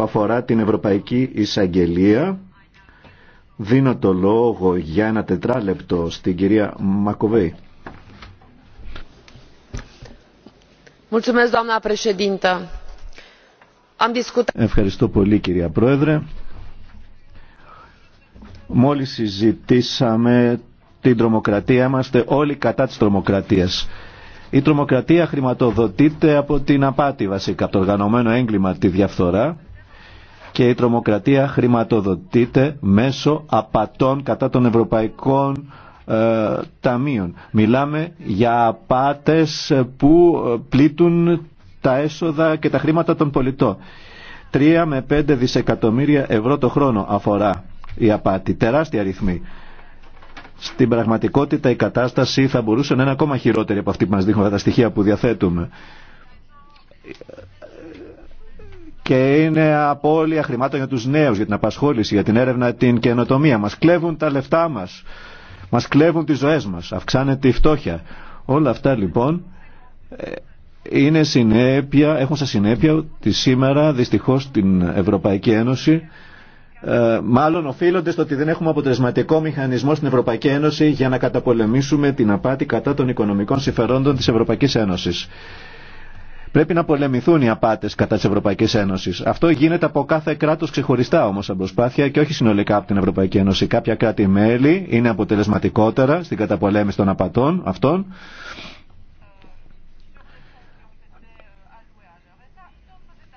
που αφορά την Ευρωπαϊκή Εισαγγελία. Δίνω το λόγο για ένα τετράλεπτο στην κυρία Μακοβέη. Ευχαριστώ πολύ κυρία Πρόεδρε. Μόλις συζητήσαμε την τρομοκρατία, είμαστε όλοι κατά της τρομοκρατίας. Η τρομοκρατία χρηματοδοτείται από την απάτη βασικά, από το οργανωμένο έγκλημα, τη διαφθορά και η τρομοκρατία χρηματοδοτείται μέσω απατών κατά των ευρωπαϊκών ε, ταμείων. Μιλάμε για απάτες που ε, πλήττουν τα έσοδα και τα χρήματα των πολιτών. 3 με 5 δισεκατομμύρια ευρώ το χρόνο αφορά η απάτη. Τεράστια αριθμή. Στην πραγματικότητα η κατάσταση θα μπορούσε να είναι ακόμα χειρότερη από αυτή που μας δείχνουν τα στοιχεία που διαθέτουμε και είναι απώλεια χρημάτων για τους νέους, για την απασχόληση, για την έρευνα, την καινοτομία. Μας κλέβουν τα λεφτά μας, μας κλέβουν τις ζωές μας, αυξάνεται η φτώχεια. Όλα αυτά λοιπόν ε, είναι συνέπεια, έχουν σαν συνέπεια ότι σήμερα δυστυχώς την Ευρωπαϊκή Ένωση ε, μάλλον οφείλονται στο ότι δεν έχουμε αποτελεσματικό μηχανισμό στην Ευρωπαϊκή Ένωση για να καταπολεμήσουμε την απάτη κατά των οικονομικών συμφερόντων της Ευρωπαϊκής Ένωσης. Πρέπει να πολεμηθούν οι απάτε κατά της Ευρωπαϊκή Ένωση. Αυτό γίνεται από κάθε κράτο ξεχωριστά όμω σαν προσπάθεια και όχι συνολικά από την Ευρωπαϊκή Ένωση. Κάποια κράτη-μέλη είναι αποτελεσματικότερα στην καταπολέμηση των απατών αυτών.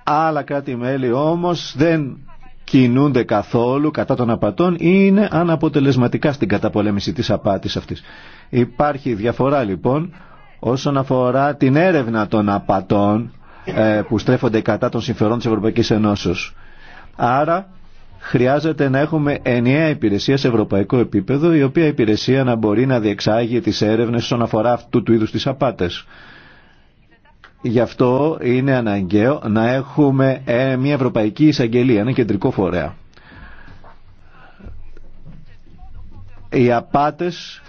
Άλλα κράτη-μέλη όμως δεν κινούνται καθόλου κατά των απατών ή είναι αναποτελεσματικά στην καταπολέμηση της απάτης αυτής. Υπάρχει διαφορά λοιπόν όσον αφορά την έρευνα των απατών ε, που στρέφονται κατά των συμφερών της Ευρωπαϊκής Ενώσεως. Άρα χρειάζεται να έχουμε ενιαία υπηρεσία σε ευρωπαϊκό επίπεδο η οποία υπηρεσία να μπορεί να διεξάγει τις έρευνες όσον αφορά αυτού του είδους τις απάτες. Γι' αυτό είναι αναγκαίο να έχουμε ε, μια ευρωπαϊκή εισαγγελία, ένα κεντρικό φορέα. Οι απάτες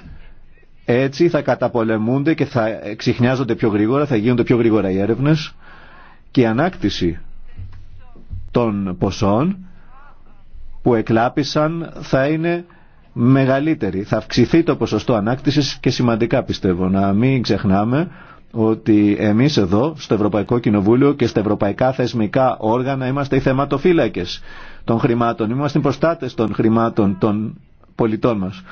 έτσι θα καταπολεμούνται και θα ξυχνιάζονται πιο γρήγορα, θα γίνονται πιο γρήγορα οι έρευνες και η ανάκτηση των ποσών που εκλάπησαν θα είναι μεγαλύτερη. Θα αυξηθεί το ποσοστό ανάκτησης και σημαντικά πιστεύω. Να μην ξεχνάμε ότι εμείς εδώ στο Ευρωπαϊκό Κοινοβούλιο και στα ευρωπαϊκά θεσμικά όργανα είμαστε οι θεματοφύλακες των χρημάτων. Είμαστε οι προστάτες των χρημάτων των πολιτών μας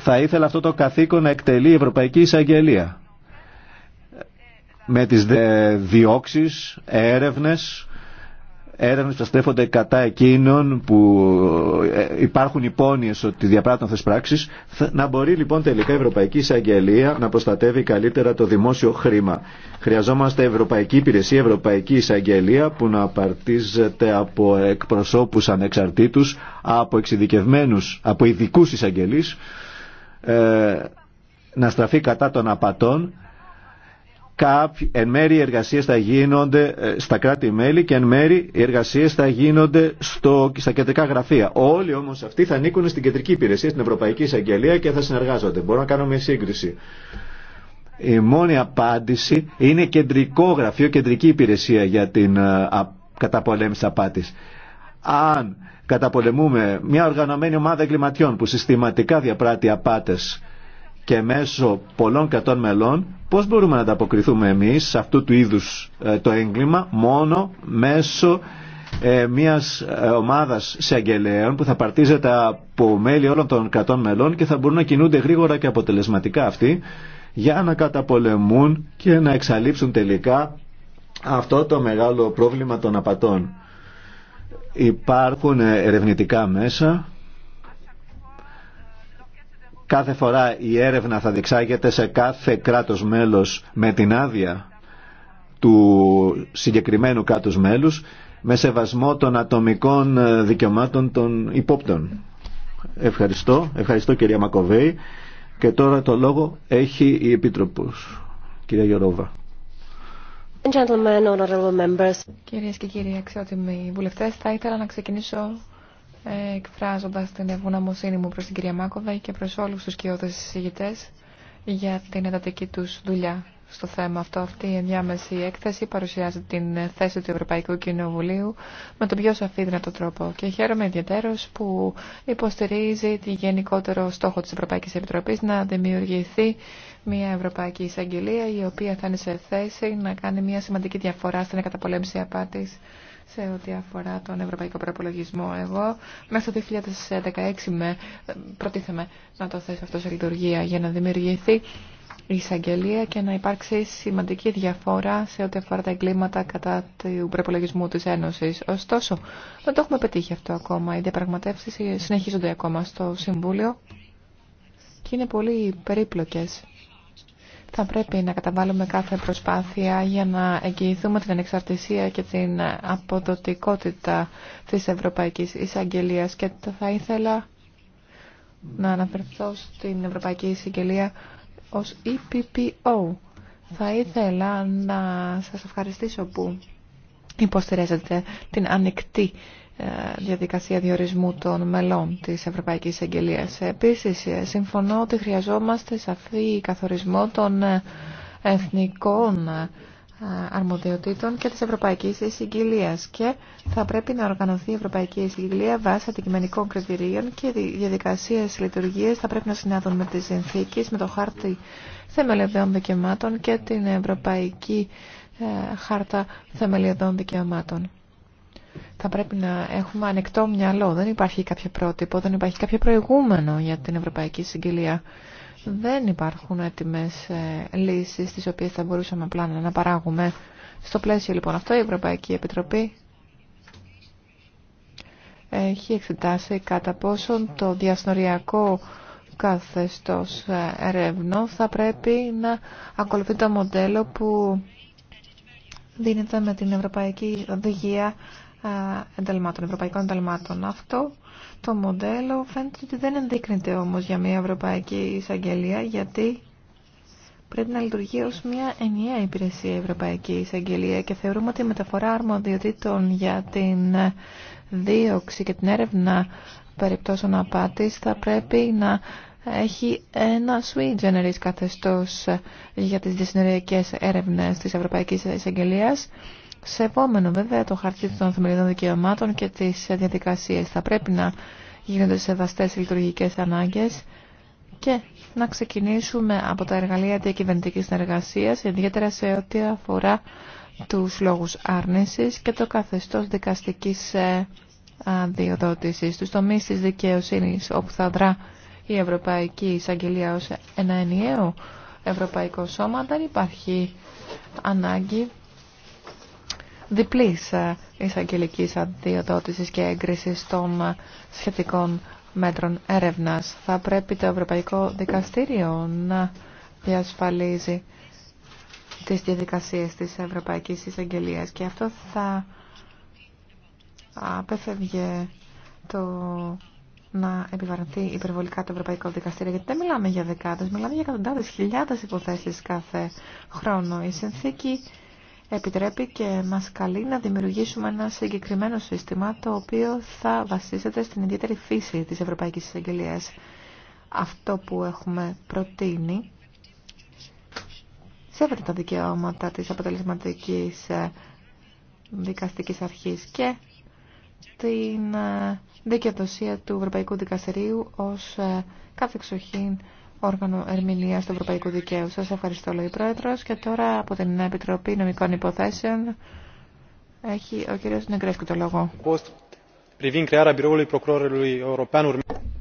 θα ήθελα αυτό το καθήκον να εκτελεί η Ευρωπαϊκή Εισαγγελία με τις διώξεις, έρευνες, έρευνες που στρέφονται κατά εκείνων που ε, υπάρχουν υπόνοιες ότι διαπράττουν αυτές πράξεις, να μπορεί λοιπόν τελικά η Ευρωπαϊκή Εισαγγελία να προστατεύει καλύτερα το δημόσιο χρήμα. Χρειαζόμαστε Ευρωπαϊκή Υπηρεσία, Ευρωπαϊκή Εισαγγελία που να απαρτίζεται από εκπροσώπους ανεξαρτήτους, από εξειδικευμένους, από ειδικού εισαγγελείς, ε, να στραφεί κατά των απατών. Κάποιοι, εν μέρη οι εργασίες θα γίνονται ε, στα κράτη-μέλη και εν μέρη οι εργασίες θα γίνονται στο, στα κεντρικά γραφεία. Όλοι όμως αυτοί θα ανήκουν στην κεντρική υπηρεσία, στην Ευρωπαϊκή Εισαγγελία και θα συνεργάζονται. Μπορώ να κάνω μια σύγκριση. Η μόνη απάντηση είναι κεντρικό γραφείο, κεντρική υπηρεσία για την ε, καταπολέμηση απάτης. Αν καταπολεμούμε μια οργανωμένη ομάδα εγκληματιών που συστηματικά διαπράττει απάτες και μέσω πολλών κατών μελών, πώς μπορούμε να ανταποκριθούμε εμείς σε αυτού του είδους ε, το έγκλημα μόνο μέσω ε, μιας ε, ομάδας συγγελέων που θα παρτίζεται από μέλη όλων των κατών μελών και θα μπορούν να κινούνται γρήγορα και αποτελεσματικά αυτοί για να καταπολεμούν και να εξαλείψουν τελικά αυτό το μεγάλο πρόβλημα των απατών. Υπάρχουν ε, ερευνητικά μέσα. Κάθε φορά η έρευνα θα διεξάγεται σε κάθε κράτος μέλος με την άδεια του συγκεκριμένου κράτους μέλους με σεβασμό των ατομικών ε, δικαιωμάτων των υπόπτων. Ευχαριστώ. Ευχαριστώ κυρία Μακοβέη. Και τώρα το λόγο έχει η Επίτροπος, κυρία Γιωρόβα. Κυρίες και κύριοι αξιότιμοι βουλευτές, θα ήθελα να ξεκινήσω ε, εκφράζοντας την ευγνωμοσύνη μου προς την κυρία Μάκοβα και προς όλους τους κοιόδες συζητητές για την εντατική τους δουλειά στο θέμα αυτό. Αυτή η ενδιάμεση έκθεση παρουσιάζει την θέση του Ευρωπαϊκού Κοινοβουλίου με τον πιο σαφή δυνατό τρόπο. Και χαίρομαι ιδιαίτερω που υποστηρίζει τη γενικότερο στόχο τη Ευρωπαϊκή Επιτροπή να δημιουργηθεί μια Ευρωπαϊκή Εισαγγελία η οποία θα είναι σε θέση να κάνει μια σημαντική διαφορά στην καταπολέμηση απάτη σε ό,τι αφορά τον ευρωπαϊκό προπολογισμό. Εγώ μέχρι το 2016 με, ε, προτίθεμαι να το θέσω αυτό σε λειτουργία για να δημιουργηθεί εισαγγελία και να υπάρξει σημαντική διαφορά σε ό,τι αφορά τα εγκλήματα κατά του προπολογισμού της Ένωσης. Ωστόσο, δεν το έχουμε πετύχει αυτό ακόμα. Οι διαπραγματεύσεις συνεχίζονται ακόμα στο Συμβούλιο και είναι πολύ περίπλοκες. Θα πρέπει να καταβάλουμε κάθε προσπάθεια για να εγγυηθούμε την ανεξαρτησία και την αποδοτικότητα της Ευρωπαϊκής Εισαγγελίας και θα ήθελα να αναφερθώ στην Ευρωπαϊκή Εισαγγελία ως EPPO. Θα ήθελα να σας ευχαριστήσω που υποστηρίζετε την ανοιχτή ε, διαδικασία διορισμού των μελών της Ευρωπαϊκής Εγγελίας. Επίσης, ε, συμφωνώ ότι χρειαζόμαστε σαφή καθορισμό των ε, εθνικών αρμοδιοτήτων και της Ευρωπαϊκής Εισηγγελίας και θα πρέπει να οργανωθεί η Ευρωπαϊκή Συγκυλία βάσει αντικειμενικών κριτηρίων και οι διαδικασίες λειτουργίες θα πρέπει να συνάδουν με τις συνθήκες, με το χάρτη θεμελιωδών δικαιωμάτων και την Ευρωπαϊκή ε, Χάρτα Θεμελιωδών Δικαιωμάτων. Θα πρέπει να έχουμε ανεκτό μυαλό. Δεν υπάρχει κάποιο πρότυπο, δεν υπάρχει κάποιο προηγούμενο για την Ευρωπαϊκή Συγκυλία δεν υπάρχουν έτοιμες ε, λύσεις τις οποίες θα μπορούσαμε απλά να παράγουμε. Στο πλαίσιο λοιπόν αυτό η Ευρωπαϊκή Επιτροπή έχει εξετάσει κατά πόσον το διασνοριακό καθεστώς ε, ερευνών θα πρέπει να ακολουθεί το μοντέλο που δίνεται με την Ευρωπαϊκή Οδηγία ευρωπαϊκών ενταλμάτων. Αυτό το μοντέλο φαίνεται ότι δεν ενδείκνεται όμως για μια ευρωπαϊκή εισαγγελία γιατί πρέπει να λειτουργεί ως μια ενιαία υπηρεσία η ευρωπαϊκή εισαγγελία και θεωρούμε ότι η μεταφορά αρμοδιοτήτων για την δίωξη και την έρευνα περιπτώσεων απάτης θα πρέπει να έχει ένα sui generis καθεστώς για τις δυσυνοριακές έρευνες της Ευρωπαϊκής Εισαγγελίας σεβόμενο βέβαια το χαρτί των θεμελιωδών δικαιωμάτων και τις διαδικασίες. Θα πρέπει να γίνονται σεβαστές λειτουργικές ανάγκες και να ξεκινήσουμε από τα εργαλεία διακυβερνητικής συνεργασίας, ιδιαίτερα σε ό,τι αφορά τους λόγους άρνησης και το καθεστώς δικαστικής ε, αδειοδότησης, τους τομείς της δικαιοσύνης όπου θα δρά η Ευρωπαϊκή Εισαγγελία ως ένα ενιαίο ευρωπαϊκό σώμα, δεν υπάρχει ανάγκη διπλής ε, εισαγγελικής αντιοδότησης και έγκρισης των ε, σχετικών μέτρων έρευνας. Θα πρέπει το Ευρωπαϊκό Δικαστήριο να διασφαλίζει τις διαδικασίες της Ευρωπαϊκής Εισαγγελίας και αυτό θα απέφευγε το να επιβαρυνθεί υπερβολικά το Ευρωπαϊκό Δικαστήριο, γιατί δεν μιλάμε για δεκάδες, μιλάμε για εκατοντάδες χιλιάδες υποθέσεις κάθε χρόνο. Η συνθήκη επιτρέπει και μας καλεί να δημιουργήσουμε ένα συγκεκριμένο σύστημα το οποίο θα βασίζεται στην ιδιαίτερη φύση της Ευρωπαϊκής Εισαγγελίας. Αυτό που έχουμε προτείνει σέβεται τα δικαιώματα της αποτελεσματικής ε, δικαστικής αρχής και την ε, δικαιοδοσία του Ευρωπαϊκού Δικαστηρίου ως ε, εξοχήν όργανο ερμηνείας του Ευρωπαϊκού Δικαίου. Σα ευχαριστώ, λέει πρόεδρο Και τώρα από την Επιτροπή Νομικών Υποθέσεων έχει ο κύριος Νεγκρέσκου το λόγο.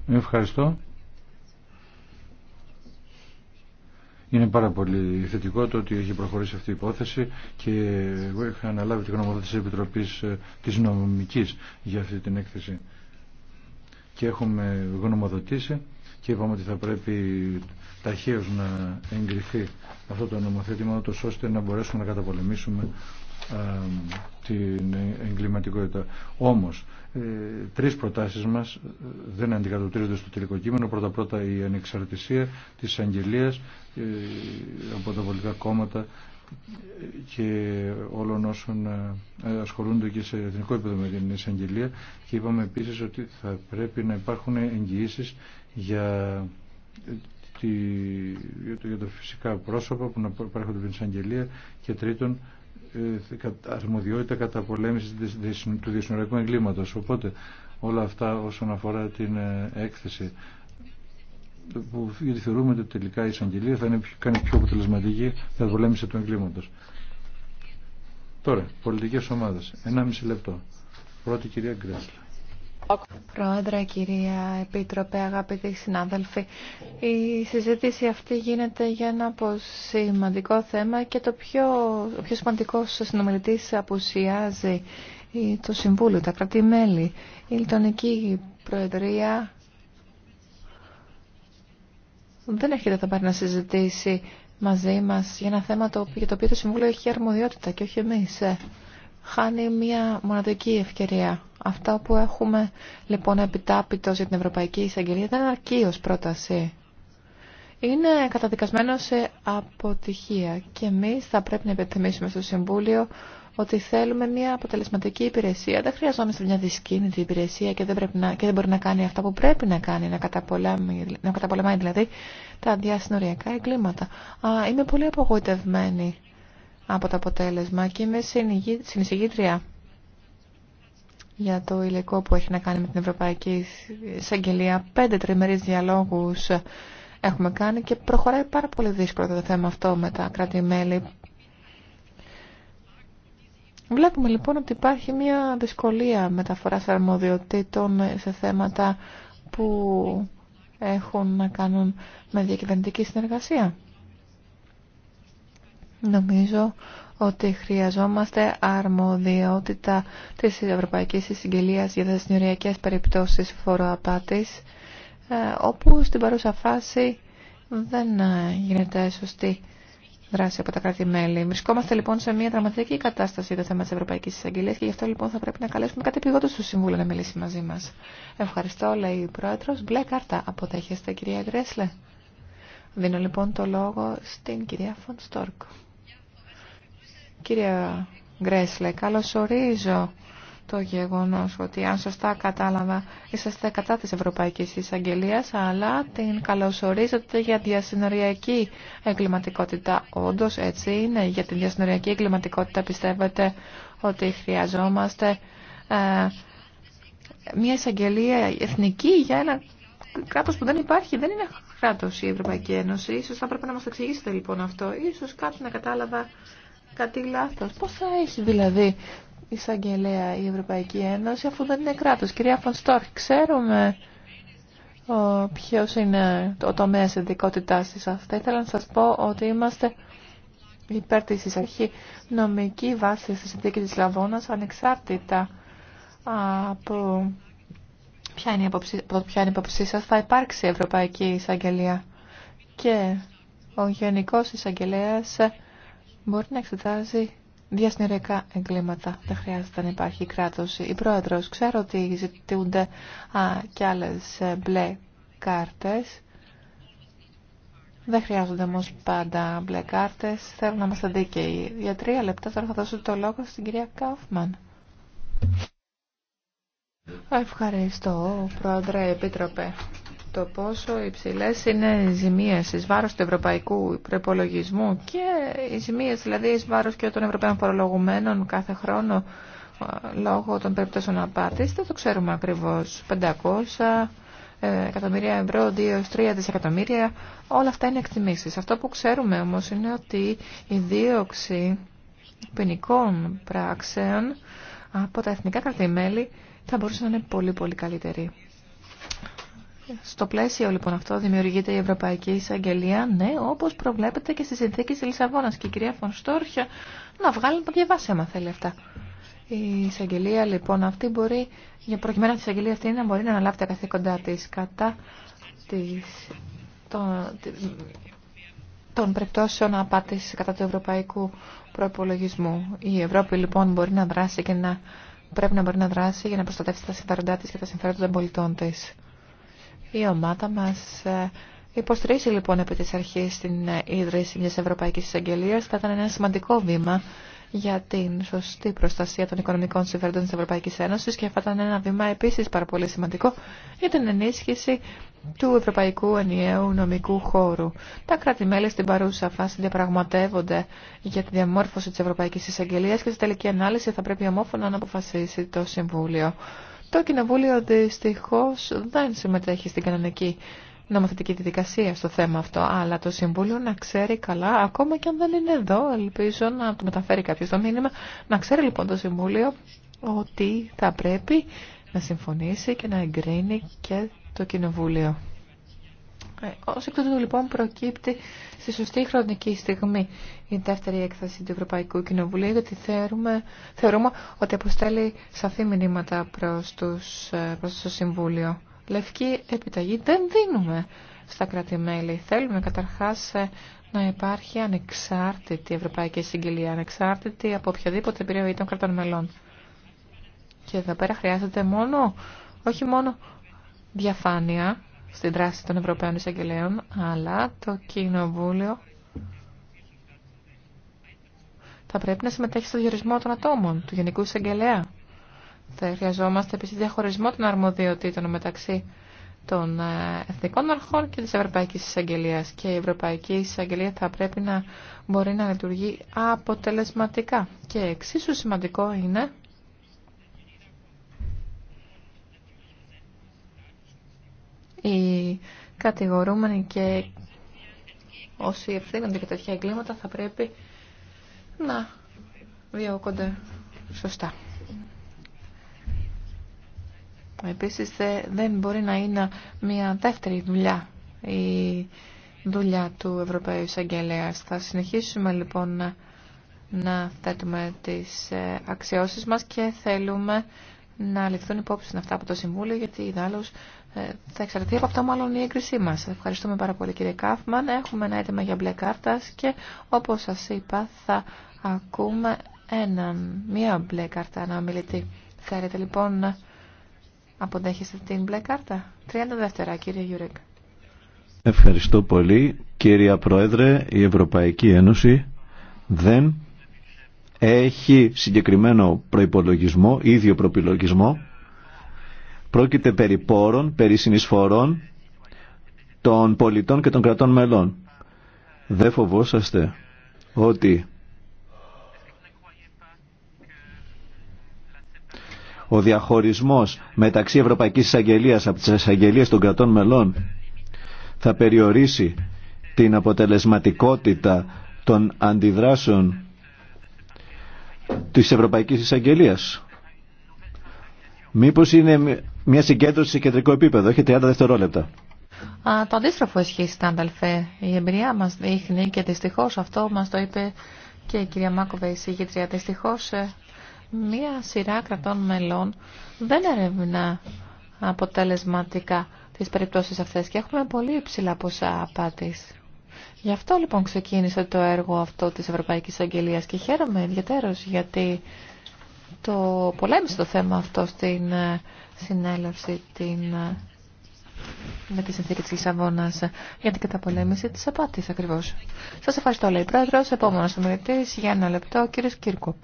Ευχαριστώ. Είναι πάρα πολύ θετικό το ότι έχει προχωρήσει αυτή η υπόθεση και εγώ είχα αναλάβει την γνωμοδότηση της Επιτροπής ε, της Νομικής για αυτή την έκθεση. Και έχουμε γνωμοδοτήσει και είπαμε ότι θα πρέπει ταχαίως να εγκριθεί αυτό το νομοθέτημα ώστε να μπορέσουμε να καταπολεμήσουμε την εγκληματικότητα. Όμως, ε, τρεις προτάσεις μας ε, δεν αντικατοπτρίζονται στο τελικό κείμενο. Πρώτα-πρώτα η ανεξαρτησία της αγγελίας ε, από τα πολιτικά κόμματα και όλων όσων ασχολούνται και σε εθνικό επίπεδο με την εισαγγελία και είπαμε επίσης ότι θα πρέπει να υπάρχουν εγγυήσεις για, ε, τη, για, τα φυσικά πρόσωπα που να παρέχονται την εισαγγελία και τρίτον ε, αρμοδιότητα κατά πολέμηση του διασυνοριακού εγκλήματος. Οπότε όλα αυτά όσον αφορά την ε, έκθεση που γιατί θεωρούμε ότι τελικά η εισαγγελία θα είναι, κάνει πιο αποτελεσματική θα πολέμηση του εγκλήματος. Τώρα, πολιτικές ομάδες. 1,5 λεπτό. Πρώτη κυρία Γκρέσλα. Πρόεδρε, κυρία Επίτροπε, αγαπητοί συνάδελφοι, η συζήτηση αυτή γίνεται για ένα σημαντικό θέμα και το πιο, σημαντικό πιο συνομιλητής απουσιάζει το Συμβούλιο, τα κρατη η Λιτωνική Προεδρία δεν έρχεται θα πάρει να συζητήσει μαζί μας για ένα θέμα το, για το οποίο το Συμβούλιο έχει αρμοδιότητα και όχι εμείς χάνει μια μοναδική ευκαιρία. Αυτά που έχουμε λοιπόν επιτάπητο για την Ευρωπαϊκή Εισαγγελία δεν αρκεί ως πρόταση. Είναι καταδικασμένο σε αποτυχία και εμείς θα πρέπει να υπενθυμίσουμε στο Συμβούλιο ότι θέλουμε μια αποτελεσματική υπηρεσία. Δεν χρειαζόμαστε μια δυσκίνητη υπηρεσία και δεν, πρέπει να, και δεν μπορεί να κάνει αυτά που πρέπει να κάνει, να καταπολεμάει, να καταπολεμάει δηλαδή τα διασυνοριακά εγκλήματα. Α, είμαι πολύ απογοητευμένη από το αποτέλεσμα και είμαι συνεισηγήτρια για το υλικό που έχει να κάνει με την Ευρωπαϊκή Εισαγγελία. Πέντε τριμερείς διαλόγους έχουμε κάνει και προχωράει πάρα πολύ δύσκολο το θέμα αυτό με τα κράτη-μέλη. Βλέπουμε λοιπόν ότι υπάρχει μια δυσκολία μεταφοράς αρμοδιοτήτων σε θέματα που έχουν να κάνουν με διακυβερνητική συνεργασία. Νομίζω ότι χρειαζόμαστε αρμοδιότητα της Ευρωπαϊκής Συγγελίας για τις νοριακές περιπτώσεις φοροαπάτης, ε, όπου στην παρούσα φάση δεν ε, γίνεται σωστή δράση από τα κράτη-μέλη. Βρισκόμαστε λοιπόν σε μια δραματική κατάσταση για το θέμα τη Ευρωπαϊκή Εισαγγελία και γι' αυτό λοιπόν θα πρέπει να καλέσουμε κάτι επιγόντω στο Συμβούλιο να μιλήσει μαζί μας. Ευχαριστώ, λέει η Πρόεδρο. Μπλε κάρτα. Αποδέχεστε, κυρία Γκρέσλε. Δίνω λοιπόν το λόγο στην κυρία Φων Στόρκ. Κύριε Γκρέσλε, καλωσορίζω το γεγονός ότι αν σωστά κατάλαβα είσαστε κατά της Ευρωπαϊκής Εισαγγελία, αλλά την καλωσορίζετε για διασυνοριακή εγκληματικότητα. Όντως έτσι είναι, για τη διασυνοριακή εγκληματικότητα πιστεύετε ότι χρειαζόμαστε ε, μια εισαγγελία εθνική για ένα κράτος που δεν υπάρχει, δεν είναι κράτος η Ευρωπαϊκή Ένωση. Ίσως θα πρέπει να μας εξηγήσετε λοιπόν αυτό. Ίσως κάτι να κατάλαβα κάτι λάθος. Πώς θα έχει δηλαδή εισαγγελέα η Ευρωπαϊκή Ένωση αφού δεν είναι κράτος. Κυρία Φωνστόρ, ξέρουμε ο, ποιος είναι το τομέας ειδικότητάς της Θα Ήθελα να σας πω ότι είμαστε υπέρ της εισαρχή νομική βάση στη συνθήκη της Λαβώνας ανεξάρτητα από ποια είναι η υποψή, ποια είναι η σας θα υπάρξει η Ευρωπαϊκή Εισαγγελία και ο Γενικός Εισαγγελέας μπορεί να εξετάζει διασυνοριακά εγκλήματα. Δεν χρειάζεται να υπάρχει κράτος. Η Πρόεδρος, ξέρω ότι ζητούνται α, και άλλες ε, μπλε κάρτες. Δεν χρειάζονται όμω πάντα μπλε κάρτε. Θέλω να είμαστε δίκαιοι. Για τρία λεπτά τώρα θα δώσω το λόγο στην κυρία Κάφμαν. Ευχαριστώ, Πρόεδρε Επίτροπε το πόσο υψηλέ είναι οι ζημίε ει βάρος του ευρωπαϊκού προπολογισμού και οι ζημίε, δηλαδή ει βάρος και των ευρωπαίων φορολογουμένων κάθε χρόνο λόγω των περιπτώσεων απάτη, δεν το ξέρουμε ακριβώ. 500 ε, εκατομμύρια ευρώ, 2-3 δισεκατομμύρια, όλα αυτά είναι εκτιμήσει. Αυτό που ξέρουμε όμω είναι ότι η δίωξη ποινικών πράξεων από τα εθνικά κρατημέλη θα μπορούσε να είναι πολύ πολύ καλύτερη. Στο πλαίσιο λοιπόν αυτό δημιουργείται η Ευρωπαϊκή Εισαγγελία, ναι, όπως προβλέπεται και στη συνθήκη της Λισαβόνας και η κυρία Φωνστόρχια να βγάλει το διαβάσει άμα θέλει αυτά. Η εισαγγελία λοιπόν αυτή μπορεί, για προκειμένου τη εισαγγελία αυτή να μπορεί να αναλάβει τα καθήκοντά της κατά της, των, των περιπτώσεων απάτης κατά του ευρωπαϊκού προπολογισμού. Η Ευρώπη λοιπόν μπορεί να δράσει και να πρέπει να μπορεί να δράσει για να προστατεύσει τα συμφέροντά τη και τα συμφέροντα των πολιτών της. Η ομάδα μας ε, υποστηρίζει λοιπόν επί της αρχής την ε, ίδρυση μιας Ευρωπαϊκής Εισαγγελίας. Θα ήταν ένα σημαντικό βήμα για την σωστή προστασία των οικονομικών συμφέροντων της Ευρωπαϊκής Ένωσης και θα ήταν ένα βήμα επίσης πάρα πολύ σημαντικό για την ενίσχυση του Ευρωπαϊκού Ενιαίου Νομικού Χώρου. Τα κράτη-μέλη στην παρούσα φάση διαπραγματεύονται για τη διαμόρφωση της Ευρωπαϊκής Εισαγγελίας και στη τελική ανάλυση θα πρέπει ομόφωνα να αποφασίσει το Συμβούλιο. Το Κοινοβούλιο δυστυχώ δεν συμμετέχει στην κανονική νομοθετική διαδικασία στο θέμα αυτό, αλλά το Συμβούλιο να ξέρει καλά, ακόμα και αν δεν είναι εδώ, ελπίζω να το μεταφέρει κάποιο το μήνυμα, να ξέρει λοιπόν το Συμβούλιο ότι θα πρέπει να συμφωνήσει και να εγκρίνει και το Κοινοβούλιο. Ε, ως εκ τούτου λοιπόν προκύπτει στη σωστή χρονική στιγμή η δεύτερη έκθεση του Ευρωπαϊκού Κοινοβουλίου γιατί θεωρούμε, θεωρούμε ότι αποστέλει σαφή μηνύματα προς, τους, ε, το Συμβούλιο. Λευκή επιταγή δεν δίνουμε στα κράτη-μέλη. Θέλουμε καταρχάς ε, να υπάρχει ανεξάρτητη Ευρωπαϊκή Συγγελία, ανεξάρτητη από οποιαδήποτε περιοχή των κρατών μελών. Και εδώ πέρα χρειάζεται μόνο, όχι μόνο διαφάνεια, στη δράση των Ευρωπαίων Εισαγγελέων, αλλά το Κοινοβούλιο θα πρέπει να συμμετέχει στο διορισμό των ατόμων του Γενικού Εισαγγελέα. Θα χρειαζόμαστε επίσης διαχωρισμό των αρμοδιοτήτων μεταξύ των ε, εθνικών αρχών και της Ευρωπαϊκής Εισαγγελίας. Και η Ευρωπαϊκή Εισαγγελία θα πρέπει να μπορεί να λειτουργεί αποτελεσματικά. Και εξίσου σημαντικό είναι οι κατηγορούμενοι και όσοι ευθύνονται για τέτοια εγκλήματα θα πρέπει να διώκονται σωστά. Επίσης δεν μπορεί να είναι μια δεύτερη δουλειά η δουλειά του Ευρωπαίου Εισαγγελέα. Θα συνεχίσουμε λοιπόν να θέτουμε τις ε, αξιώσεις μας και θέλουμε να ληφθούν υπόψη αυτά από το Συμβούλιο γιατί ιδάλλως ε, θα εξαρτηθεί από αυτό μάλλον η έγκρισή μας. Ευχαριστούμε πάρα πολύ κύριε Κάφμαν. Έχουμε ένα έτοιμα για μπλε κάρτας και όπως σας είπα θα ακούμε έναν, μία μπλε κάρτα, να μιλητή. Θέλετε λοιπόν να αποδέχεστε την μπλε κάρτα. 30 δεύτερα κύριε Γιουρέκ. Ευχαριστώ πολύ. Κύριε Πρόεδρε, η Ευρωπαϊκή Ένωση δεν έχει συγκεκριμένο προϋπολογισμό, ίδιο προπολογισμό Πρόκειται περί πόρων, περί συνεισφορών των πολιτών και των κρατών μελών. Δεν φοβόσαστε ότι ο διαχωρισμός μεταξύ Ευρωπαϊκής Εισαγγελίας από τις εισαγγελίες των κρατών μελών θα περιορίσει την αποτελεσματικότητα των αντιδράσεων της Ευρωπαϊκής Εισαγγελίας. Μήπως είναι μια συγκέντρωση σε κεντρικό επίπεδο. Έχει 30 δευτερόλεπτα. Α, το αντίστροφο ισχύει, Στάνταλφε. Η εμπειρία μα δείχνει και δυστυχώ αυτό μα το είπε και η κυρία Μάκοβε, η συγγήτρια. Δυστυχώ ε, μία σειρά κρατών μελών δεν ερευνά αποτελεσματικά τι περιπτώσει αυτέ και έχουμε πολύ υψηλά ποσά απάτης. Γι' αυτό λοιπόν ξεκίνησε το έργο αυτό τη Ευρωπαϊκή Αγγελία και χαίρομαι ιδιαίτερω γιατί το πολέμησε το θέμα αυτό στην ε, συνέλευση την... Ε, με τη συνθήκη της Λισαβόνας για την καταπολέμηση της απάτης ακριβώς. Σας ευχαριστώ λέει πρόεδρος, επόμενος ομιλητής για ένα λεπτό, ο κύριος Κύρκοπ.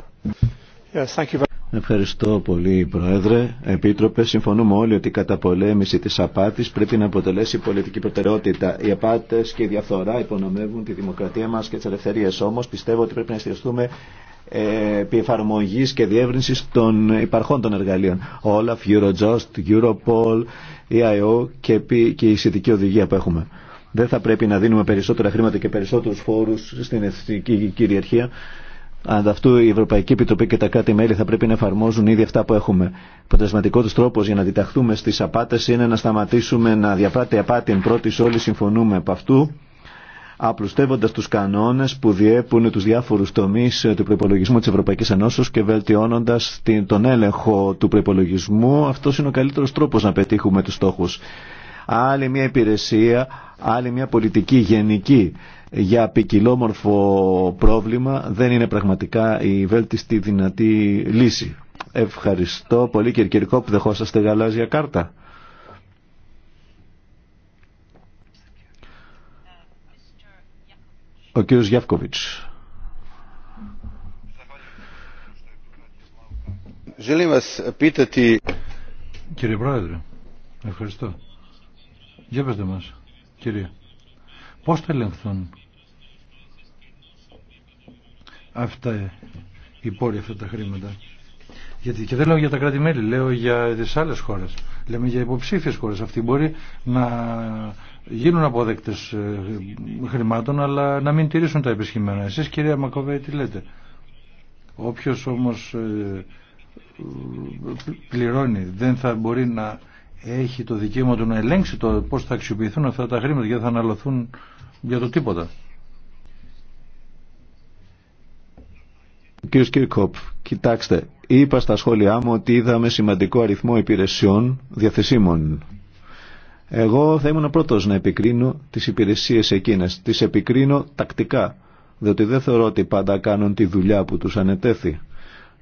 Yes, thank you. Ευχαριστώ πολύ, Πρόεδρε. Επίτροπε, συμφωνούμε όλοι ότι η καταπολέμηση τη απάτη πρέπει να αποτελέσει πολιτική προτεραιότητα. Οι απάτε και η διαφθορά υπονομεύουν τη δημοκρατία μα και τι ελευθερίε. Όμω, πιστεύω ότι πρέπει να εστιαστούμε ε, επί εφαρμογής και διεύρυνσης των υπαρχών των εργαλείων. Olaf, Eurojust, Europol, EIO και, και η σχετική οδηγία που έχουμε. Δεν θα πρέπει να δίνουμε περισσότερα χρήματα και περισσότερους φόρους στην εθνική κυριαρχία. Ανταυτού η Ευρωπαϊκή Επιτροπή και τα κράτη-μέλη θα πρέπει να εφαρμόζουν ήδη αυτά που έχουμε. Αποτελεσματικό του τρόπο για να αντιταχθούμε στι απάτε είναι να σταματήσουμε να διαπράττει απάτη εν πρώτη όλοι συμφωνούμε από αυτού απλουστεύοντα τους κανόνες που διέπουν ε, του διάφορους τομεί του προπολογισμού της Ευρωπαϊκή Ενώσεω και βελτιώνοντας τον έλεγχο του προπολογισμού, αυτό είναι ο καλύτερος τρόπος να πετύχουμε τους στόχους. Άλλη μια υπηρεσία, άλλη μια πολιτική γενική για ποικιλόμορφο πρόβλημα δεν είναι πραγματικά η βέλτιστη δυνατή λύση. Ευχαριστώ πολύ κύριε Κυρκό που δεχόσαστε γαλάζια κάρτα. Ο κύριος Γιάνκοβιτς. Κύριε Πρόεδρε, ευχαριστώ. Για πετε μας, κύριε, πώς θα ελεγχθούν αυτά οι πόροι, αυτά τα χρήματα. Γιατί και δεν λέω για τα κράτη-μέλη, λέω για τις άλλες χώρες. Λέμε για υποψήφιες χώρες. Αυτή μπορεί να γίνουν αποδέκτες ε, χρημάτων αλλά να μην τηρήσουν τα επισχυμένα. Εσείς κυρία Μακοβέη τι λέτε. Όποιος όμως ε, πληρώνει δεν θα μπορεί να έχει το δικαίωμα του να ελέγξει το πώς θα αξιοποιηθούν αυτά τα χρήματα γιατί θα αναλωθούν για το τίποτα. Κύριος Κύρκοπ, κοιτάξτε, είπα στα σχόλιά μου ότι είδαμε σημαντικό αριθμό υπηρεσιών διαθεσίμων εγώ θα ήμουν πρώτο να επικρίνω τις υπηρεσίες εκείνες. Τις επικρίνω τακτικά, διότι δεν θεωρώ ότι πάντα κάνουν τη δουλειά που τους ανετέθη.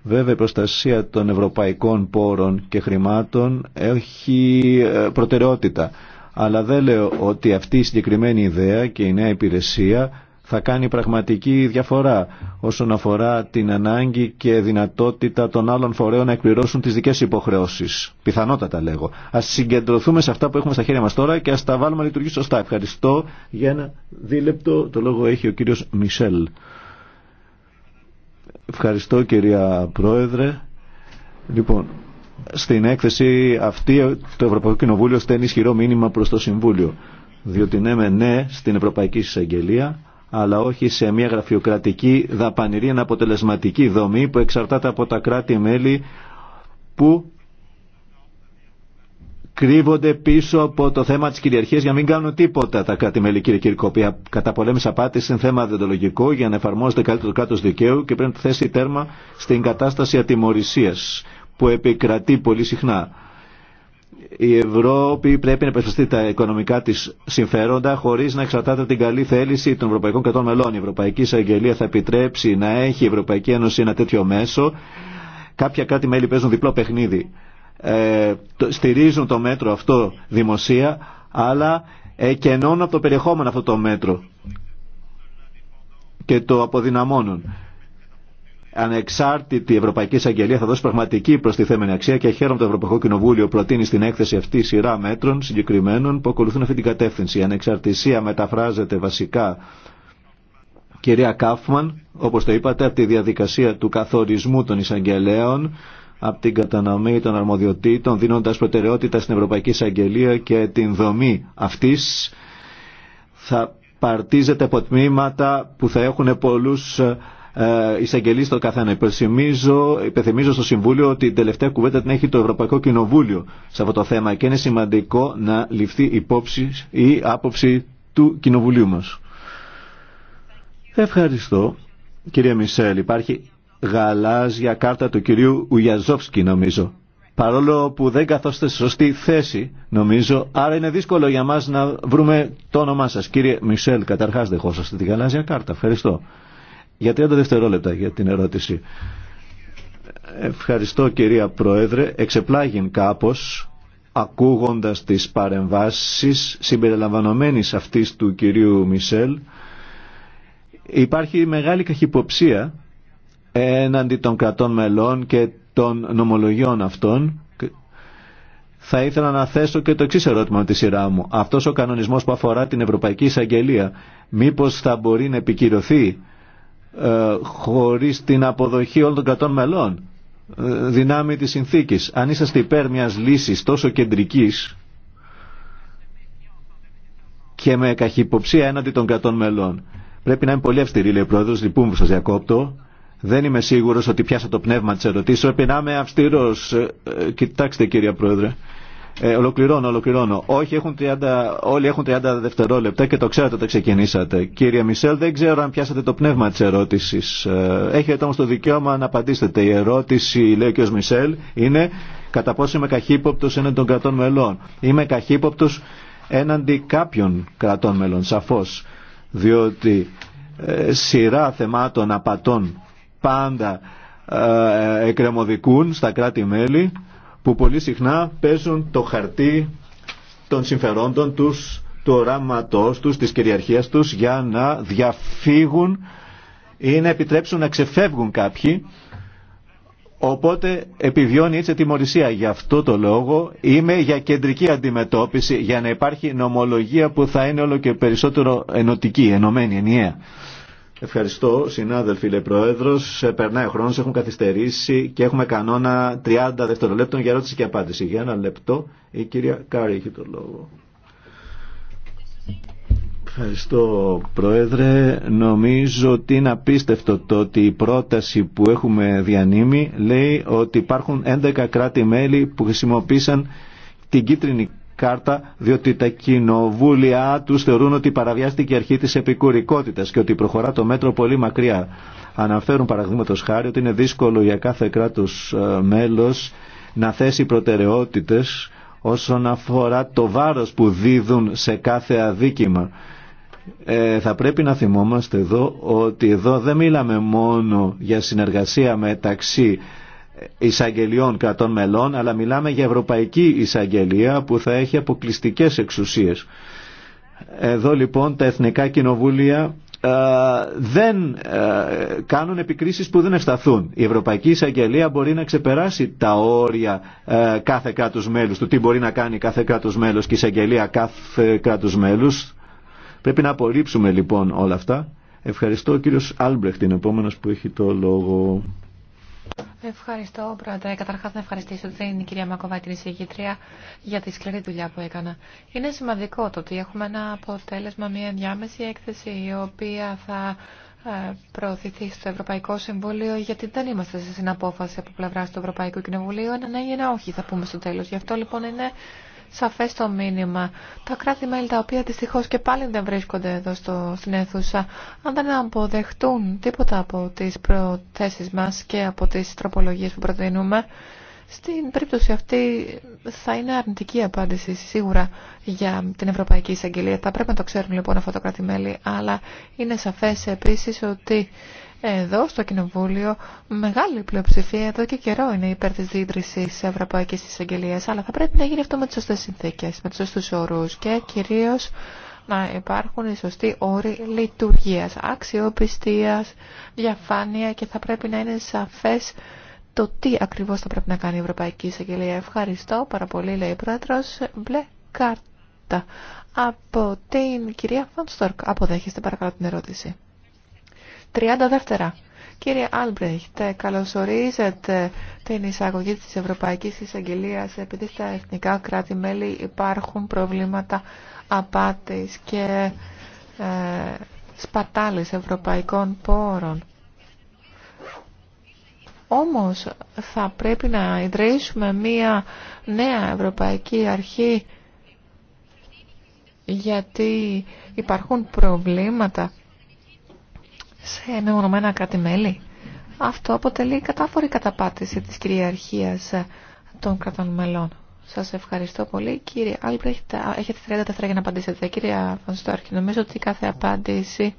Βέβαια η προστασία των ευρωπαϊκών πόρων και χρημάτων έχει ε, προτεραιότητα. Αλλά δεν λέω ότι αυτή η συγκεκριμένη ιδέα και η νέα υπηρεσία θα κάνει πραγματική διαφορά όσον αφορά την ανάγκη και δυνατότητα των άλλων φορέων να εκπληρώσουν τις δικές υποχρεώσεις. Πιθανότατα λέγω. Ας συγκεντρωθούμε σε αυτά που έχουμε στα χέρια μας τώρα και ας τα βάλουμε να λειτουργεί σωστά. Ευχαριστώ για ένα δίλεπτο. Το λόγο έχει ο κύριος Μισελ. Ευχαριστώ κυρία Πρόεδρε. Λοιπόν, στην έκθεση αυτή το Ευρωπαϊκό Κοινοβούλιο στέλνει ισχυρό μήνυμα προς το Συμβούλιο. Διότι ναι με ναι στην Ευρωπαϊκή Εισαγγελία αλλά όχι σε μια γραφειοκρατική δαπανηρή αναποτελεσματική δομή που εξαρτάται από τα κράτη-μέλη που κρύβονται πίσω από το θέμα της κυριαρχίας για να μην κάνουν τίποτα τα κράτη-μέλη κύριε Κυρκοπία. Κατά πολέμης απάτης είναι θέμα δεντολογικό για να εφαρμόζεται καλύτερο κράτος δικαίου και πρέπει να θέσει τέρμα στην κατάσταση ατιμορρησίας που επικρατεί πολύ συχνά η Ευρώπη πρέπει να επεξεργαστεί τα οικονομικά τη συμφέροντα χωρί να εξαρτάται την καλή θέληση των Ευρωπαϊκών Κρατών Μελών. Η Ευρωπαϊκή Εισαγγελία θα επιτρέψει να έχει η Ευρωπαϊκή Ένωση ένα τέτοιο μέσο. Κάποια κράτη-μέλη παίζουν διπλό παιχνίδι. Ε, το, στηρίζουν το μέτρο αυτό δημοσία, αλλά εκενώνουν από το περιεχόμενο αυτό το μέτρο και το αποδυναμώνουν ανεξάρτητη Ευρωπαϊκή Αγγελία θα δώσει πραγματική προστιθέμενη αξία και χαίρομαι το Ευρωπαϊκό Κοινοβούλιο προτείνει στην έκθεση αυτή σειρά μέτρων συγκεκριμένων που ακολουθούν αυτή την κατεύθυνση. Η ανεξαρτησία μεταφράζεται βασικά, κυρία Κάφμαν, όπω το είπατε, από τη διαδικασία του καθορισμού των εισαγγελέων, από την κατανομή των αρμοδιοτήτων, δίνοντα προτεραιότητα στην Ευρωπαϊκή Εισαγγελία και την δομή αυτή. Θα παρτίζεται από τμήματα που θα έχουν πολλούς ε, εισαγγελεί στο καθένα. Υπενθυμίζω, στο Συμβούλιο ότι η τελευταία κουβέντα την έχει το Ευρωπαϊκό Κοινοβούλιο σε αυτό το θέμα και είναι σημαντικό να ληφθεί υπόψη η άποψη του Κοινοβουλίου μας. Ευχαριστώ. Κυρία Μισελ, υπάρχει γαλάζια κάρτα του κυρίου Ουγιαζόφσκι νομίζω. Παρόλο που δεν καθόστε σε σωστή θέση, νομίζω, άρα είναι δύσκολο για μας να βρούμε το όνομά σας. Κύριε Μισελ, καταρχάς δεχόσαστε τη γαλάζια κάρτα. Ευχαριστώ. Για 30 δευτερόλεπτα για την ερώτηση. Ευχαριστώ κυρία Πρόεδρε. Εξεπλάγην κάπως ακούγοντας τις παρεμβάσεις συμπεριλαμβανομένης αυτής του κυρίου Μισελ υπάρχει μεγάλη καχυποψία έναντι των κρατών μελών και των νομολογιών αυτών θα ήθελα να θέσω και το εξή ερώτημα με τη σειρά μου. Αυτός ο κανονισμός που αφορά την Ευρωπαϊκή Εισαγγελία μήπως θα μπορεί να επικυρωθεί ε, χωρίς την αποδοχή όλων των κρατών μελών ε, δυνάμει της συνθήκης. Αν είσαστε υπέρ μιας λύσης τόσο κεντρικής και με καχυποψία έναντι των κρατών μελών. Πρέπει να είμαι πολύ αυστηρή, λέει ο Πρόεδρος, λυπούμε λοιπόν, που σας διακόπτω. Δεν είμαι σίγουρος ότι πιάσα το πνεύμα της ερωτήσεως. Πρέπει να είμαι αυστηρός. Ε, κοιτάξτε, κύριε Πρόεδρε. Ε, ολοκληρώνω, ολοκληρώνω. Όχι, έχουν 30, όλοι έχουν 30 δευτερόλεπτα και το ξέρετε όταν ξεκινήσατε. Κύριε Μισελ, δεν ξέρω αν πιάσατε το πνεύμα της ερώτηση. Ε, έχετε όμω το δικαίωμα να απαντήσετε. Η ερώτηση, λέει ο κ. Μισελ, είναι κατά πόσο είμαι καχύποπτο έναντι των κρατών μελών. Είμαι καχύποπτο έναντι κάποιων κρατών μελών, σαφώ. Διότι ε, σειρά θεμάτων απατών πάντα ε, ε εκκρεμωδικούν στα κράτη-μέλη που πολύ συχνά παίζουν το χαρτί των συμφερόντων τους, του οράματός τους, της κυριαρχίας τους για να διαφύγουν ή να επιτρέψουν να ξεφεύγουν κάποιοι Οπότε επιβιώνει έτσι τιμωρησία. Γι' αυτό το λόγο είμαι για κεντρική αντιμετώπιση, για να υπάρχει νομολογία που θα είναι όλο και περισσότερο ενωτική, ενωμένη, ενιαία. Ευχαριστώ, συνάδελφοι, λέει Πρόεδρο. Ε, περνάει ο χρόνο, έχουν καθυστερήσει και έχουμε κανόνα 30 δευτερολέπτων για ερώτηση και απάντηση. Για ένα λεπτό, η κυρία Κάρη έχει το λόγο. Ευχαριστώ Πρόεδρε. Νομίζω ότι είναι απίστευτο το ότι η πρόταση που έχουμε διανύμει λέει ότι υπάρχουν 11 κράτη-μέλη που χρησιμοποίησαν την κίτρινη κάρτα διότι τα κοινοβούλια του θεωρούν ότι παραβιάστηκε η αρχή τη επικουρικότητας και ότι προχωρά το μέτρο πολύ μακριά. Αναφέρουν παραδείγματο χάρη ότι είναι δύσκολο για κάθε κράτος ε, μέλος να θέσει προτεραιότητες όσον αφορά το βάρος που δίδουν σε κάθε αδίκημα. Ε, θα πρέπει να θυμόμαστε εδώ ότι εδώ δεν μιλάμε μόνο για συνεργασία μεταξύ εισαγγελιών κρατών μελών, αλλά μιλάμε για ευρωπαϊκή εισαγγελία που θα έχει αποκλειστικές εξουσίες. Εδώ λοιπόν τα εθνικά κοινοβούλια ε, δεν ε, κάνουν επικρίσεις που δεν ευσταθούν. Η Ευρωπαϊκή Εισαγγελία μπορεί να ξεπεράσει τα όρια ε, κάθε κράτους μέλους, του τι μπορεί να κάνει κάθε κράτους μέλος και η Εισαγγελία κάθε κράτους μέλους. Πρέπει να απορρίψουμε λοιπόν όλα αυτά. Ευχαριστώ ο κύριος Άλμπρεχτ, την επόμενος που έχει το λόγο. Ευχαριστώ, Πρόεδρε. Καταρχά, να ευχαριστήσω την κυρία Μακοβά, την εισηγήτρια, για τη σκληρή δουλειά που έκανα. Είναι σημαντικό το ότι έχουμε ένα αποτέλεσμα, μια διάμεση έκθεση, η οποία θα ε, προωθηθεί στο Ευρωπαϊκό Συμβούλιο, γιατί δεν είμαστε σε συναπόφαση από πλευρά του Ευρωπαϊκού Κοινοβουλίου. Ένα ναι ή ένα όχι, θα πούμε στο τέλο. Γι' αυτό λοιπόν είναι σαφές το μήνυμα. Τα κράτη-μέλη τα οποία δυστυχώ και πάλι δεν βρίσκονται εδώ στο, στην αίθουσα, αν δεν αποδεχτούν τίποτα από τις προθέσεις μας και από τις τροπολογίες που προτείνουμε, στην περίπτωση αυτή θα είναι αρνητική απάντηση σίγουρα για την Ευρωπαϊκή Εισαγγελία. Θα πρέπει να το ξέρουν λοιπόν αυτό το κράτη-μέλη, αλλά είναι σαφές επίσης ότι εδώ στο Κοινοβούλιο μεγάλη πλειοψηφία εδώ και καιρό είναι υπέρ της δίδρυσης Ευρωπαϊκής Εισαγγελίας αλλά θα πρέπει να γίνει αυτό με τις σωστές συνθήκες, με τους σωστούς όρους και κυρίως να υπάρχουν οι σωστοί όροι λειτουργίας, αξιοπιστίας, διαφάνεια και θα πρέπει να είναι σαφές το τι ακριβώς θα πρέπει να κάνει η Ευρωπαϊκή Εισαγγελία. Ευχαριστώ πάρα πολύ, λέει η Πρόεδρος. Μπλε κάρτα από την κυρία Φανστόρκ. Αποδέχεστε παρακαλώ την ερώτηση. 30 δεύτερα. Κύριε Άλμπρεχτ, καλωσορίζετε την εισαγωγή της Ευρωπαϊκής Εισαγγελίας επειδή στα εθνικά κράτη-μέλη υπάρχουν προβλήματα απάτης και ε, σπατάλης ευρωπαϊκών πόρων. Όμως θα πρέπει να ιδρύσουμε μία νέα ευρωπαϊκή αρχή γιατί υπάρχουν προβλήματα σε μεμονωμένα κράτη-μέλη. Αυτό αποτελεί κατάφορη καταπάτηση της κυριαρχίας των κρατών μελών. Σας ευχαριστώ πολύ. Κύριε Άλμπρεχτ, έχετε 30 τεθρά για να απαντήσετε. Κύριε Φανστόρκη, νομίζω ότι κάθε απάντηση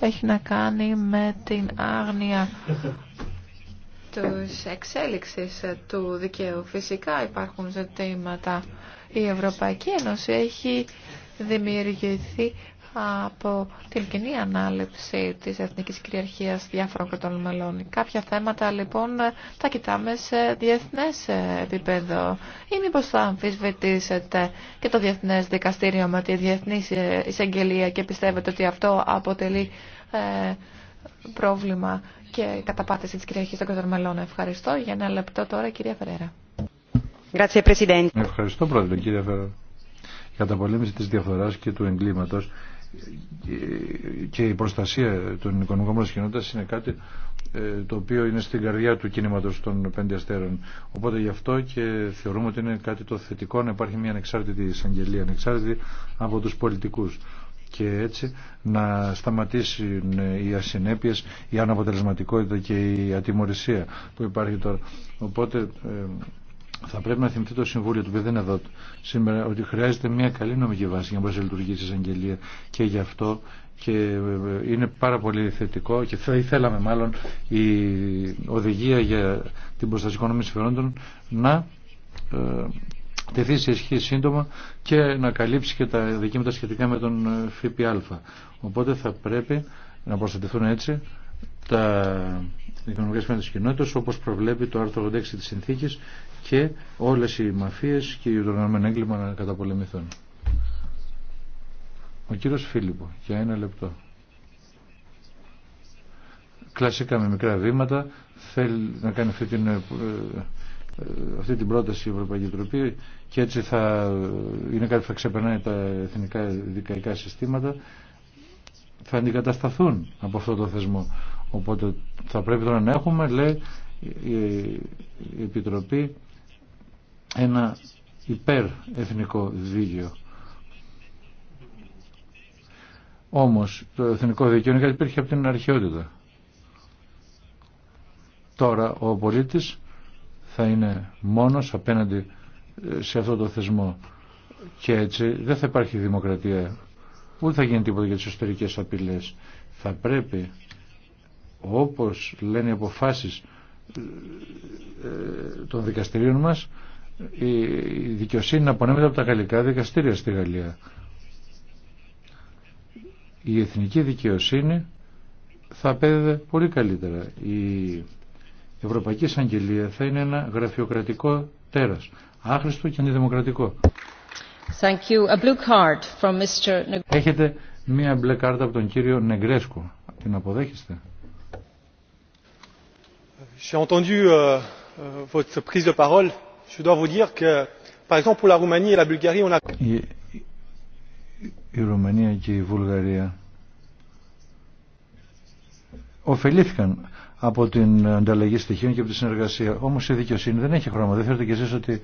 έχει να κάνει με την άγνοια της εξέλιξης του δικαίου. Φυσικά υπάρχουν ζητήματα. Η Ευρωπαϊκή Ένωση έχει δημιουργηθεί από την κοινή ανάληψη της εθνικής κυριαρχίας διάφορων κρατών μελών. Κάποια θέματα λοιπόν τα κοιτάμε σε διεθνές επίπεδο ή μήπω θα αμφισβητήσετε και το Διεθνές Δικαστήριο με τη Διεθνή Εισαγγελία και πιστεύετε ότι αυτό αποτελεί ε, πρόβλημα και καταπάτηση της κυριαρχίας των κρατών μελών. Ευχαριστώ. Για ένα λεπτό τώρα κυρία Φερέρα. Ευχαριστώ πρόεδρε κύριε Φερέρα. τα πολέμηση της διαφοράς και του εγκλήματος και η προστασία των οικονομικών μας κοινότητας είναι κάτι ε, το οποίο είναι στην καρδιά του κινήματος των πέντε αστέρων. Οπότε γι' αυτό και θεωρούμε ότι είναι κάτι το θετικό να υπάρχει μια ανεξάρτητη εισαγγελία, ανεξάρτητη από τους πολιτικούς και έτσι να σταματήσουν οι ασυνέπειες, η αναποτελεσματικότητα και η ατιμορρησία που υπάρχει τώρα. Οπότε ε, θα πρέπει να θυμηθεί το Συμβούλιο του που δεν εδώ σήμερα ότι χρειάζεται μια καλή νομική βάση για να μπορεί να λειτουργήσει η εισαγγελία και γι' αυτό και ε, είναι πάρα πολύ θετικό και θα ήθελαμε μάλλον η οδηγία για την προστασία οικονομικής συμφερόντων να ε, τεθεί σε ισχύ σύντομα και να καλύψει και τα δικήματα σχετικά με τον ε, ΦΠΑ. Οπότε θα πρέπει να προστατευτούν έτσι τα οικονομικέ οικονομική ασφάλεια όπω όπως προβλέπει το άρθρο 86 της συνθήκης και όλες οι μαφίες και οι οργανωμένο έγκλημα να καταπολεμηθούν. Ο κύριος Φίλιππο, για ένα λεπτό. Κλασικά με μικρά βήματα θέλει να κάνει αυτή την, ε, ε, αυτή την πρόταση η Ευρωπαϊκή Τροπή και έτσι θα είναι κάτι που θα ξεπερνάει τα εθνικά δικαϊκά συστήματα θα αντικατασταθούν από αυτό το θεσμό. Οπότε θα πρέπει τώρα να έχουμε, λέει, η Επιτροπή ένα υπερ-εθνικό δίκαιο. Όμως το εθνικό δίκαιο είναι κάτι υπήρχε από την αρχαιότητα. Τώρα ο πολίτης θα είναι μόνος απέναντι ε, σε αυτό το θεσμό και έτσι δεν θα υπάρχει δημοκρατία ούτε θα γίνει τίποτα για τις εσωτερικές απειλές. Θα πρέπει όπως λένε οι αποφάσεις ε, των δικαστηρίων μας η δικαιοσύνη απονέμεται από τα γαλλικά δικαστήρια στη Γαλλία. Η εθνική δικαιοσύνη θα απέδιδε πολύ καλύτερα. Η Ευρωπαϊκή Εισαγγελία θα είναι ένα γραφειοκρατικό τέρας, άχρηστο και αντιδημοκρατικό. Thank Έχετε μία μπλε κάρτα από τον κύριο Νεγκρέσκο. Την αποδέχεστε j'ai entendu euh, euh, votre prise de parole je dois vous dire que par exemple pour la roumanie et la bulgarie on a η Ρουμανία και η Βουλγαρία ωφελήθηκαν από την ανταλλαγή στοιχείων και από τη συνεργασία. Όμως η δικαιοσύνη δεν έχει χρώμα. Δεν θεωρείτε και εσείς ότι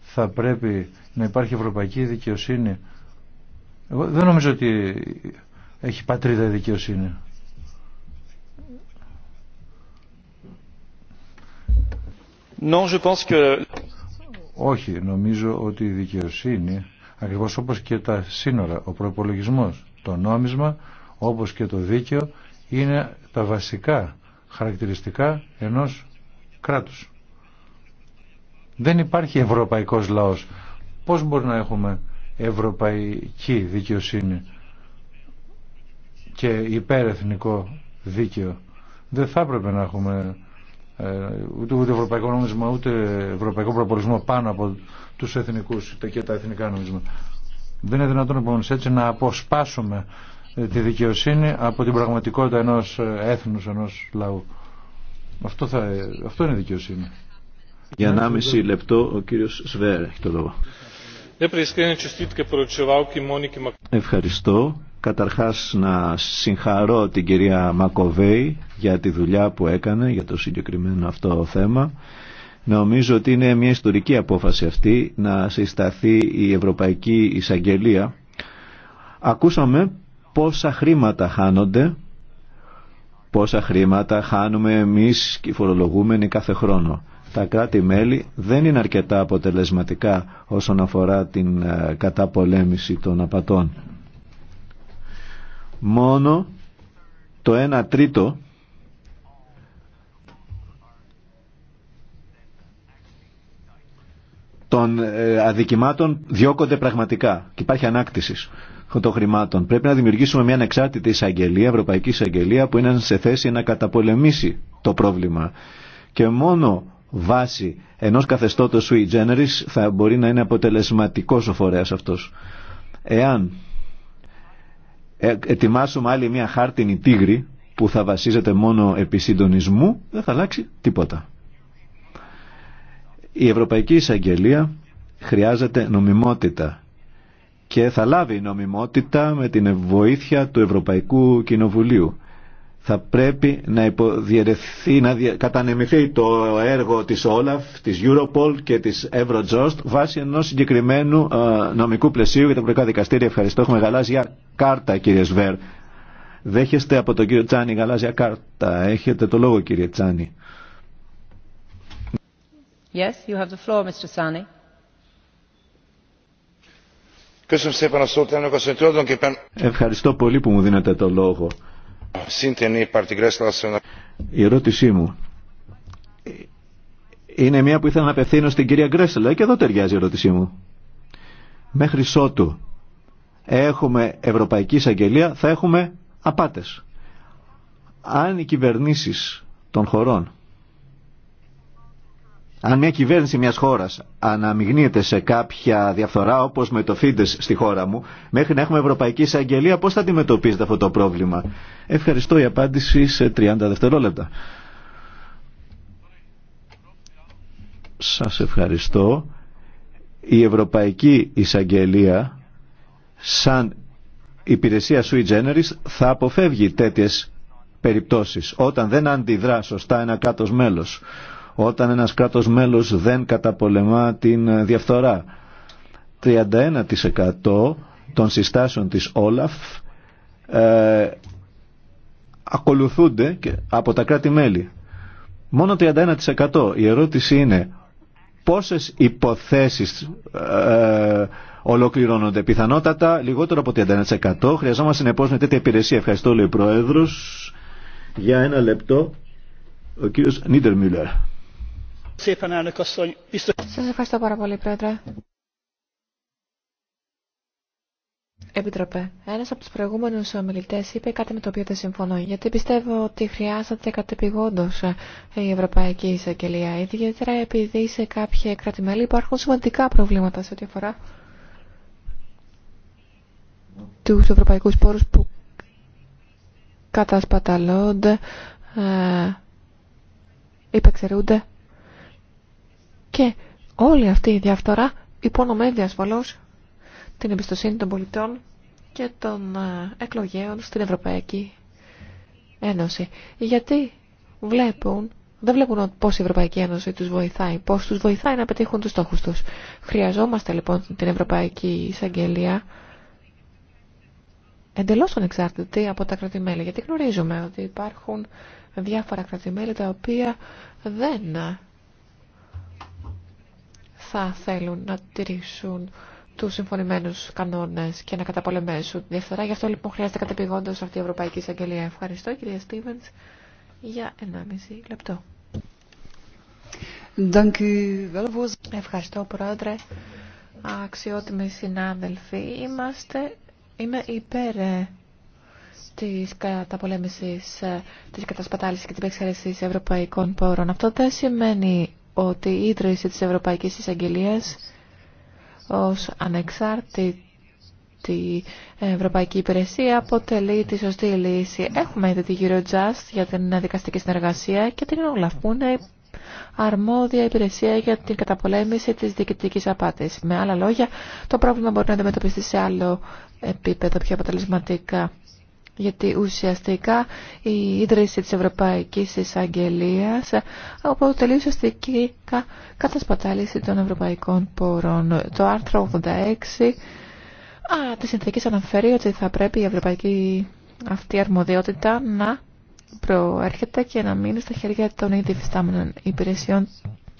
θα πρέπει να υπάρχει ευρωπαϊκή δικαιοσύνη. Εγώ δεν νομίζω ότι έχει πατρίδα η δικαιοσύνη. Όχι, νομίζω ότι η δικαιοσύνη, ακριβώς όπως και τα σύνορα, ο προπολογισμό, το νόμισμα, όπως και το δίκαιο, είναι τα βασικά χαρακτηριστικά ενός κράτους. Δεν υπάρχει ευρωπαϊκός λαός. Πώς μπορεί να έχουμε ευρωπαϊκή δικαιοσύνη και υπερεθνικό δίκαιο. Δεν θα έπρεπε να έχουμε ε, ούτε, ούτε ευρωπαϊκό νόμισμα ούτε ευρωπαϊκό προπολισμό πάνω από τους εθνικούς και τα εθνικά νόμισμα. Δεν είναι δυνατόν λοιπόν έτσι να αποσπάσουμε ε, τη δικαιοσύνη από την πραγματικότητα ενός ε, έθνους, ενός λαού. Αυτό, θα, αυτό είναι δικαιοσύνη. Για 1,5 λεπτό ο κύριος Σβέρ το λόγο. Ευχαριστώ. Καταρχάς να συγχαρώ την κυρία Μακοβέη για τη δουλειά που έκανε για το συγκεκριμένο αυτό θέμα. Νομίζω ότι είναι μια ιστορική απόφαση αυτή να συσταθεί η Ευρωπαϊκή Εισαγγελία. Ακούσαμε πόσα χρήματα χάνονται, πόσα χρήματα χάνουμε εμείς και φορολογούμενοι κάθε χρόνο. Τα κράτη-μέλη δεν είναι αρκετά αποτελεσματικά όσον αφορά την ε, καταπολέμηση των απατών μόνο το 1 τρίτο των ε, αδικημάτων διώκονται πραγματικά και υπάρχει ανάκτηση των χρημάτων. Πρέπει να δημιουργήσουμε μια ανεξάρτητη εισαγγελία, ευρωπαϊκή εισαγγελία που είναι σε θέση να καταπολεμήσει το πρόβλημα. Και μόνο βάση ενός καθεστώτος sui generis θα μπορεί να είναι αποτελεσματικός ο φορέας αυτός. Εάν ε, ετοιμάσουμε άλλη μια χάρτινη τίγρη που θα βασίζεται μόνο επί συντονισμού, δεν θα αλλάξει τίποτα. Η Ευρωπαϊκή Εισαγγελία χρειάζεται νομιμότητα και θα λάβει νομιμότητα με την βοήθεια του Ευρωπαϊκού Κοινοβουλίου θα πρέπει να υποδιαιρεθεί, να κατανεμηθεί το έργο της Όλαφ, της Europol και της Eurojust βάσει ενός συγκεκριμένου ε, νομικού πλαισίου για τα ευρωπαϊκά δικαστήρια. Ευχαριστώ. Έχουμε γαλάζια κάρτα κύριε Σβέρ. Δέχεστε από τον κύριο Τσάνη γαλάζια κάρτα. Έχετε το λόγο κύριε Τσάνι. Yes, you have the floor, Mr. Ευχαριστώ πολύ που μου δίνετε το λόγο. Η ερώτησή μου είναι μια που ήθελα να απευθύνω στην κυρία Γκρέσσελα και εδώ ταιριάζει η ερώτησή μου. Μέχρι σότου έχουμε Ευρωπαϊκή Εισαγγελία θα έχουμε απάτες. Αν οι κυβερνήσεις των χωρών αν μια κυβέρνηση μιας χώρας αναμειγνύεται σε κάποια διαφθορά όπως με το Φίντες στη χώρα μου, μέχρι να έχουμε Ευρωπαϊκή Εισαγγελία, πώς θα αντιμετωπίζετε αυτό το πρόβλημα. Ευχαριστώ η απάντηση σε 30 δευτερόλεπτα. Σας ευχαριστώ. Η Ευρωπαϊκή Εισαγγελία σαν υπηρεσία sui generis θα αποφεύγει τέτοιες περιπτώσεις όταν δεν αντιδρά σωστά ένα κράτος μέλος όταν ένας κράτος μέλος δεν καταπολεμά την ε, διαφθορά. 31% των συστάσεων της Όλαφ ε, ακολουθούνται από τα κράτη-μέλη. Μόνο 31%. Η ερώτηση είναι πόσες υποθέσεις ε, ολοκληρώνονται. Πιθανότατα λιγότερο από 31%. Χρειαζόμαστε συνεπώ με τέτοια υπηρεσία. Ευχαριστώ λέει ο Πρόεδρος. Για ένα λεπτό ο κύριος Νίτερ σας ευχαριστώ πάρα πολύ, Πρόεδρε. Επιτροπέ, ένα από του προηγούμενου ομιλητέ είπε κάτι με το οποίο δεν συμφωνώ. Γιατί πιστεύω ότι χρειάζεται κατεπηγόντω η ευρωπαϊκή εισαγγελία. Ιδιαίτερα επειδή σε κάποια κράτη-μέλη υπάρχουν σημαντικά προβλήματα σε ό,τι αφορά του ευρωπαϊκού πόρου που κατασπαταλώνται, ε, υπεξαιρούνται και όλη αυτή η διαφθορά υπονομεύει ασφαλώς την εμπιστοσύνη των πολιτών και των ε, εκλογέων στην Ευρωπαϊκή Ένωση. Γιατί βλέπουν, δεν βλέπουν πώς η Ευρωπαϊκή Ένωση τους βοηθάει, πώς τους βοηθάει να πετύχουν τους στόχους τους. Χρειαζόμαστε λοιπόν την Ευρωπαϊκή Εισαγγελία εντελώς ανεξάρτητη από τα κρατημέλη, γιατί γνωρίζουμε ότι υπάρχουν διάφορα κρατημέλη τα οποία δεν θα θέλουν να τηρήσουν τους συμφωνημένους κανόνες και να καταπολεμήσουν τη διαφθορά. Γι' αυτό λοιπόν χρειάζεται κατεπηγόντως αυτή η Ευρωπαϊκή Εισαγγελία. Ευχαριστώ κυρία Στίβενς για 1,5 λεπτό. Ευχαριστώ πρόεδρε. Αξιότιμοι συνάδελφοι, είμαστε, είμαι υπέρ ε, της καταπολέμησης, ε, της κατασπατάλησης και της επεξαίρεσης ευρωπαϊκών πόρων. Αυτό δεν σημαίνει ότι η ίδρυση της Ευρωπαϊκής Εισαγγελίας ως ανεξάρτητη Ευρωπαϊκή Υπηρεσία αποτελεί τη σωστή λύση. Έχουμε ήδη τη Eurojust για την δικαστική συνεργασία και την Ολαφ που είναι αρμόδια υπηρεσία για την καταπολέμηση της διοικητικής απάτης. Με άλλα λόγια, το πρόβλημα μπορεί να αντιμετωπιστεί σε άλλο επίπεδο πιο αποτελεσματικά γιατί ουσιαστικά η ίδρυση της Ευρωπαϊκής Εισαγγελίας αποτελεί ουσιαστικά κατασπατάληση των ευρωπαϊκών πόρων. Το άρθρο 86 α, της συνθήκης αναφέρει ότι θα πρέπει η ευρωπαϊκή αυτή αρμοδιότητα να προέρχεται και να μείνει στα χέρια των ήδη υπηρεσιών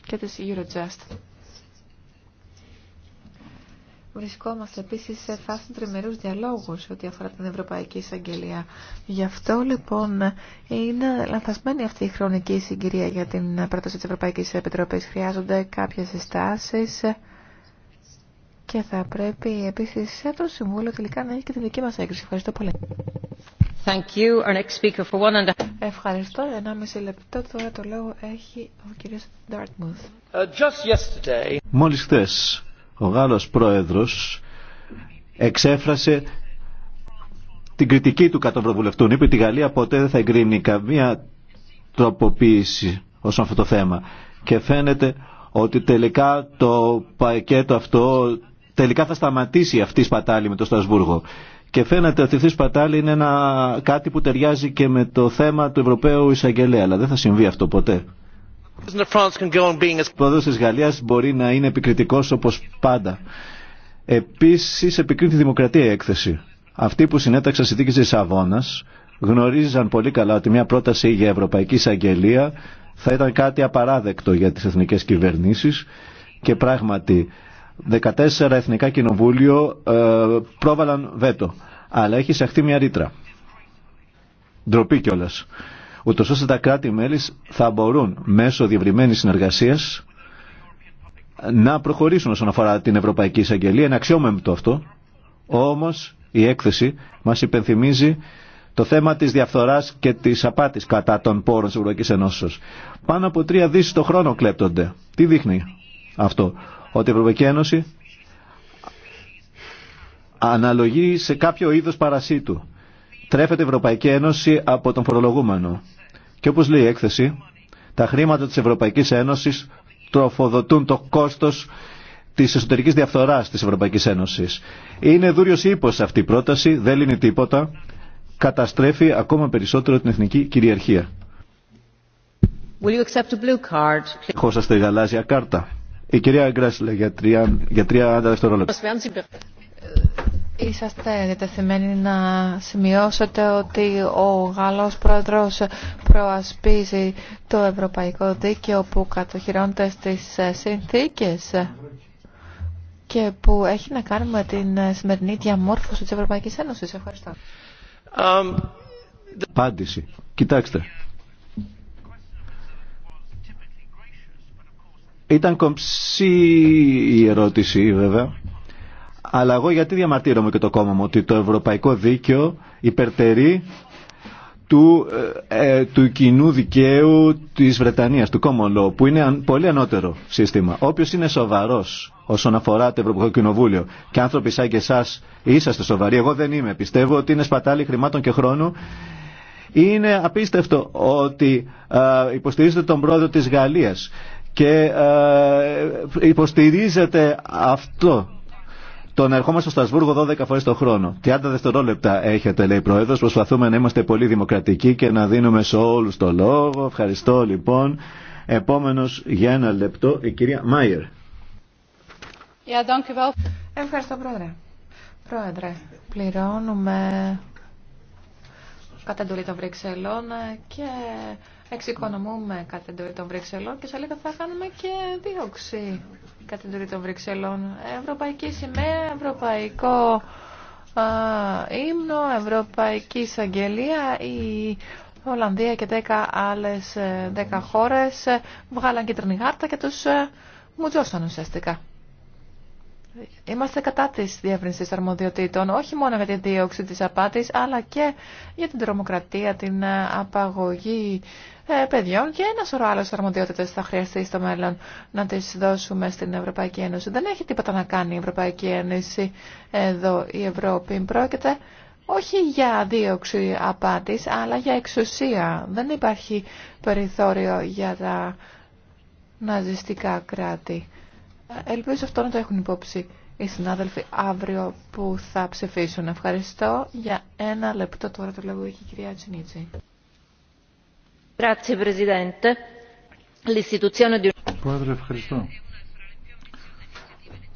και της Eurojust. Βρισκόμαστε επίση σε φάση τριμερούς διαλόγου ό,τι αφορά την Ευρωπαϊκή Εισαγγελία. Γι' αυτό λοιπόν είναι λανθασμένη αυτή η χρονική συγκυρία για την πρόταση τη Ευρωπαϊκή Επιτροπή Χρειάζονται κάποιε συστάσει και θα πρέπει επίσης το Συμβούλιο τελικά να έχει και τη δική μα έγκριση. Ευχαριστώ πολύ. Thank you. Our next speaker for one and... Ευχαριστώ. Ένα μισή λεπτό τώρα το λόγο έχει ο κύριος Dartmouth. Uh, just yesterday... Μόλις χθες ο Γάλλος πρόεδρος εξέφρασε την κριτική του κατά προβουλευτούν. Είπε ότι η Γαλλία ποτέ δεν θα εγκρίνει καμία τροποποίηση όσον αυτό το θέμα. Και φαίνεται ότι τελικά το πακέτο αυτό τελικά θα σταματήσει αυτή η σπατάλη με το Στασβούργο. Και φαίνεται ότι αυτή η σπατάλη είναι ένα, κάτι που ταιριάζει και με το θέμα του Ευρωπαίου Εισαγγελέα. Αλλά δεν θα συμβεί αυτό ποτέ. Ο πρόεδρος της Γαλλίας μπορεί να είναι επικριτικός όπως πάντα. Επίσης επικρίνει τη δημοκρατία η έκθεση. Αυτοί που συνέταξαν συνθήκες της Αβώνας γνωρίζαν πολύ καλά ότι μια πρόταση για Ευρωπαϊκή Εισαγγελία θα ήταν κάτι απαράδεκτο για τις εθνικές κυβερνήσεις και πράγματι 14 εθνικά κοινοβούλιο ε, πρόβαλαν βέτο αλλά έχει εισαχθεί μια ρήτρα ντροπή κιόλας ούτω ώστε τα κράτη-μέλη θα μπορούν μέσω διευρυμένη συνεργασίας να προχωρήσουν όσον αφορά την Ευρωπαϊκή Εισαγγελία. Είναι αξιόμεμπτο αυτό, όμως η έκθεση μας υπενθυμίζει το θέμα της διαφθοράς και της απάτης κατά των πόρων τη Ευρωπαϊκή Ενώσεω. Πάνω από τρία δις το χρόνο κλέπτονται. Τι δείχνει αυτό, ότι η Ευρωπαϊκή Ένωση αναλογεί σε κάποιο είδος παρασίτου τρέφεται η Ευρωπαϊκή Ένωση από τον φορολογούμενο. Και όπως λέει η έκθεση, τα χρήματα της Ευρωπαϊκής Ένωσης τροφοδοτούν το κόστος τη εσωτερική διαφθορά τη Ευρωπαϊκή Ένωση. Είναι δούριο ύπο αυτή η πρόταση, δεν λύνει τίποτα. Καταστρέφει ακόμα περισσότερο την εθνική κυριαρχία. Χώσαστε γαλάζια κάρτα. Η κυρία για 30 δευτερόλεπτα. Είσαστε διατεθειμένοι να σημειώσετε ότι ο Γάλλος Πρόεδρος προασπίζει το ευρωπαϊκό δίκαιο που κατοχυρώνεται στις συνθήκες και που έχει να κάνει με την σημερινή διαμόρφωση της Ευρωπαϊκής Ένωσης. Ευχαριστώ. Um, Απάντηση. Κοιτάξτε. Ήταν κομψή η ερώτηση βέβαια αλλά εγώ γιατί διαμαρτύρομαι και το κόμμα μου ότι το ευρωπαϊκό δίκαιο υπερτερεί του, ε, ε, του κοινού δικαίου της Βρετανίας, του Common Law, που είναι πολύ ανώτερο σύστημα. Όποιος είναι σοβαρός όσον αφορά το Ευρωπαϊκό Κοινοβούλιο και άνθρωποι σαν και εσάς είσαστε σοβαροί, εγώ δεν είμαι, πιστεύω ότι είναι σπατάλη χρημάτων και χρόνου είναι απίστευτο ότι ε, υποστηρίζετε τον πρόεδρο της Γαλλίας και υποστηρίζετε αυτό το να ερχόμαστε στο Στρασβούργο 12 φορέ το χρόνο. 30 δευτερόλεπτα έχετε, λέει η Πρόεδρο. Προσπαθούμε να είμαστε πολύ δημοκρατικοί και να δίνουμε σε όλου το λόγο. Ευχαριστώ λοιπόν. Επόμενο για ένα λεπτό η κυρία Μάιερ. Ευχαριστώ, Πρόεδρε. Πρόεδρε, πληρώνουμε κατά εντολή των Βρυξελών και εξοικονομούμε την εντολή των Βρυξελών και σε λίγο θα κάνουμε και δίωξη την εντολή των Βρυξελών. Ευρωπαϊκή σημαία, ευρωπαϊκό α, ύμνο, ευρωπαϊκή εισαγγελία, η Ολλανδία και 10 άλλες 10 ε, χώρες βγάλαν κίτρινη χάρτα και τους ε, μουτζώσαν ουσιαστικά. Είμαστε κατά τη διεύρυνση αρμοδιοτήτων, όχι μόνο για τη δίωξη τη απάτη, αλλά και για την τρομοκρατία, την ε, απαγωγή ε, παιδιών και ένα σωρό άλλε αρμοδιότητες θα χρειαστεί στο μέλλον να τι δώσουμε στην Ευρωπαϊκή Ένωση. Δεν έχει τίποτα να κάνει η Ευρωπαϊκή Ένωση εδώ η Ευρώπη. Πρόκειται όχι για δίωξη απάτη, αλλά για εξουσία. Δεν υπάρχει περιθώριο για τα ναζιστικά κράτη. Ελπίζω αυτό να το έχουν υπόψη οι συνάδελφοι αύριο που θα ψηφίσουν. Ευχαριστώ. Για ένα λεπτό τώρα το λόγο έχει η κυρία Τσινίτση. Πρόεδρε, ευχαριστώ.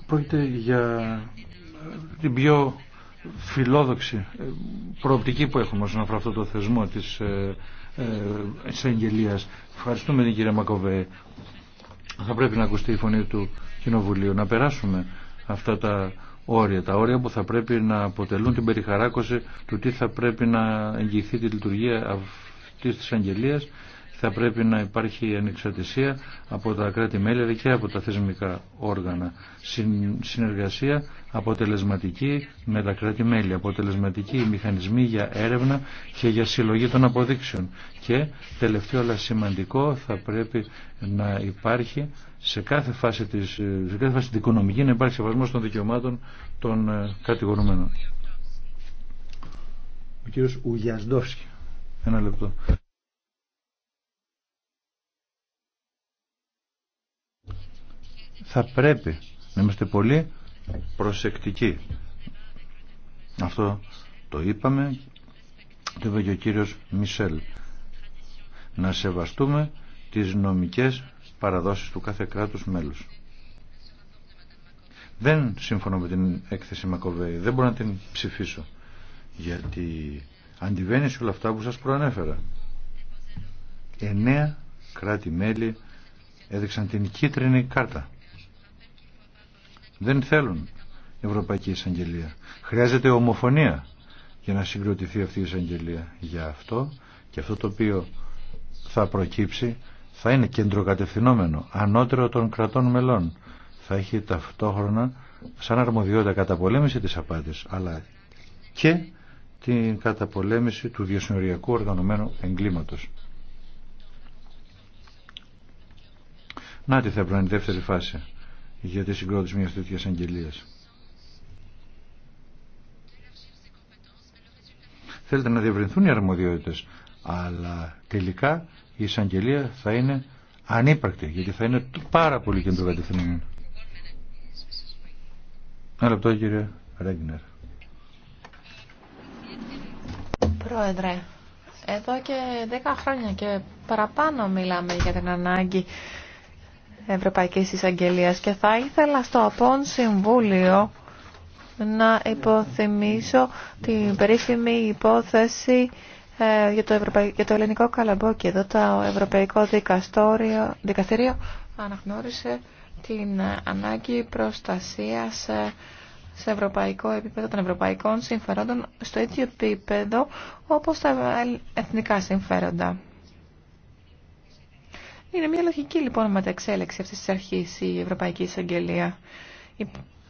Πρόκειται για την πιο φιλόδοξη ε, προοπτική που έχουμε όσον αφορά αυτό το θεσμό της ε, ε, εισαγγελίας. Ευχαριστούμε την κυρία Μακοβέ. Θα πρέπει να ακουστεί η φωνή του Κοινοβουλίου να περάσουμε αυτά τα όρια, τα όρια που θα πρέπει να αποτελούν την περιχαράκωση του τι θα πρέπει να εγγυηθεί τη λειτουργία αυτής της αγγελίας θα πρέπει να υπάρχει ανεξαρτησία από τα κράτη-μέλη και από τα θεσμικά όργανα. συνεργασία αποτελεσματική με τα κράτη-μέλη, αποτελεσματικοί μηχανισμοί για έρευνα και για συλλογή των αποδείξεων και τελευταίο αλλά σημαντικό θα πρέπει να υπάρχει σε κάθε φάση της, σε κάθε φάση της οικονομική να υπάρχει σεβασμός των δικαιωμάτων των ε, κατηγορουμένων. Ο κύριος Ένα λεπτό. Θα πρέπει να είμαστε πολύ προσεκτικοί. Αυτό το είπαμε, το είπε και ο κύριος Μισελ να σεβαστούμε τις νομικές παραδόσεις του κάθε κράτους μέλους. Δεν συμφωνώ με την έκθεση Μακοβέη, δεν μπορώ να την ψηφίσω, γιατί αντιβαίνει σε όλα αυτά που σας προανέφερα. Εννέα κράτη-μέλη έδειξαν την κίτρινη κάρτα. Δεν θέλουν Ευρωπαϊκή Εισαγγελία. Χρειάζεται ομοφωνία για να συγκροτηθεί αυτή η εισαγγελία. Για αυτό και αυτό το οποίο θα προκύψει θα είναι κεντροκατευθυνόμενο, ανώτερο των κρατών μελών. Θα έχει ταυτόχρονα σαν αρμοδιότητα καταπολέμηση της απάτης, αλλά και την καταπολέμηση του διασυνοριακού οργανωμένου εγκλήματος. Να τι θα η δεύτερη φάση για τη συγκρότηση μιας τέτοιας αγγελίας. Θέλετε να διευρυνθούν οι αρμοδιότητες, αλλά τελικά η εισαγγελία θα είναι ανύπαρκτη, γιατί θα είναι πάρα πολύ κεντροκατευθυνμένη. Ένα λεπτό κύριε Ρέγνερ. Πρόεδρε, εδώ και 10 χρόνια και παραπάνω μιλάμε για την ανάγκη Ευρωπαϊκής Εισαγγελίας και θα ήθελα στο απόν Συμβούλιο να υποθυμίσω την περίφημη υπόθεση ε, για, το Ευρωπαϊ... για το ελληνικό καλαμπόκι. Εδώ το Ευρωπαϊκό Δικαστόριο... Δικαστήριο αναγνώρισε την ανάγκη προστασίας ε, σε ευρωπαϊκό επίπεδο των ευρωπαϊκών συμφερόντων στο ίδιο επίπεδο όπως τα εθνικά συμφέροντα. Είναι μια λογική λοιπόν μεταξέλεξη αυτής της αρχής η Ευρωπαϊκή Εισαγγελία.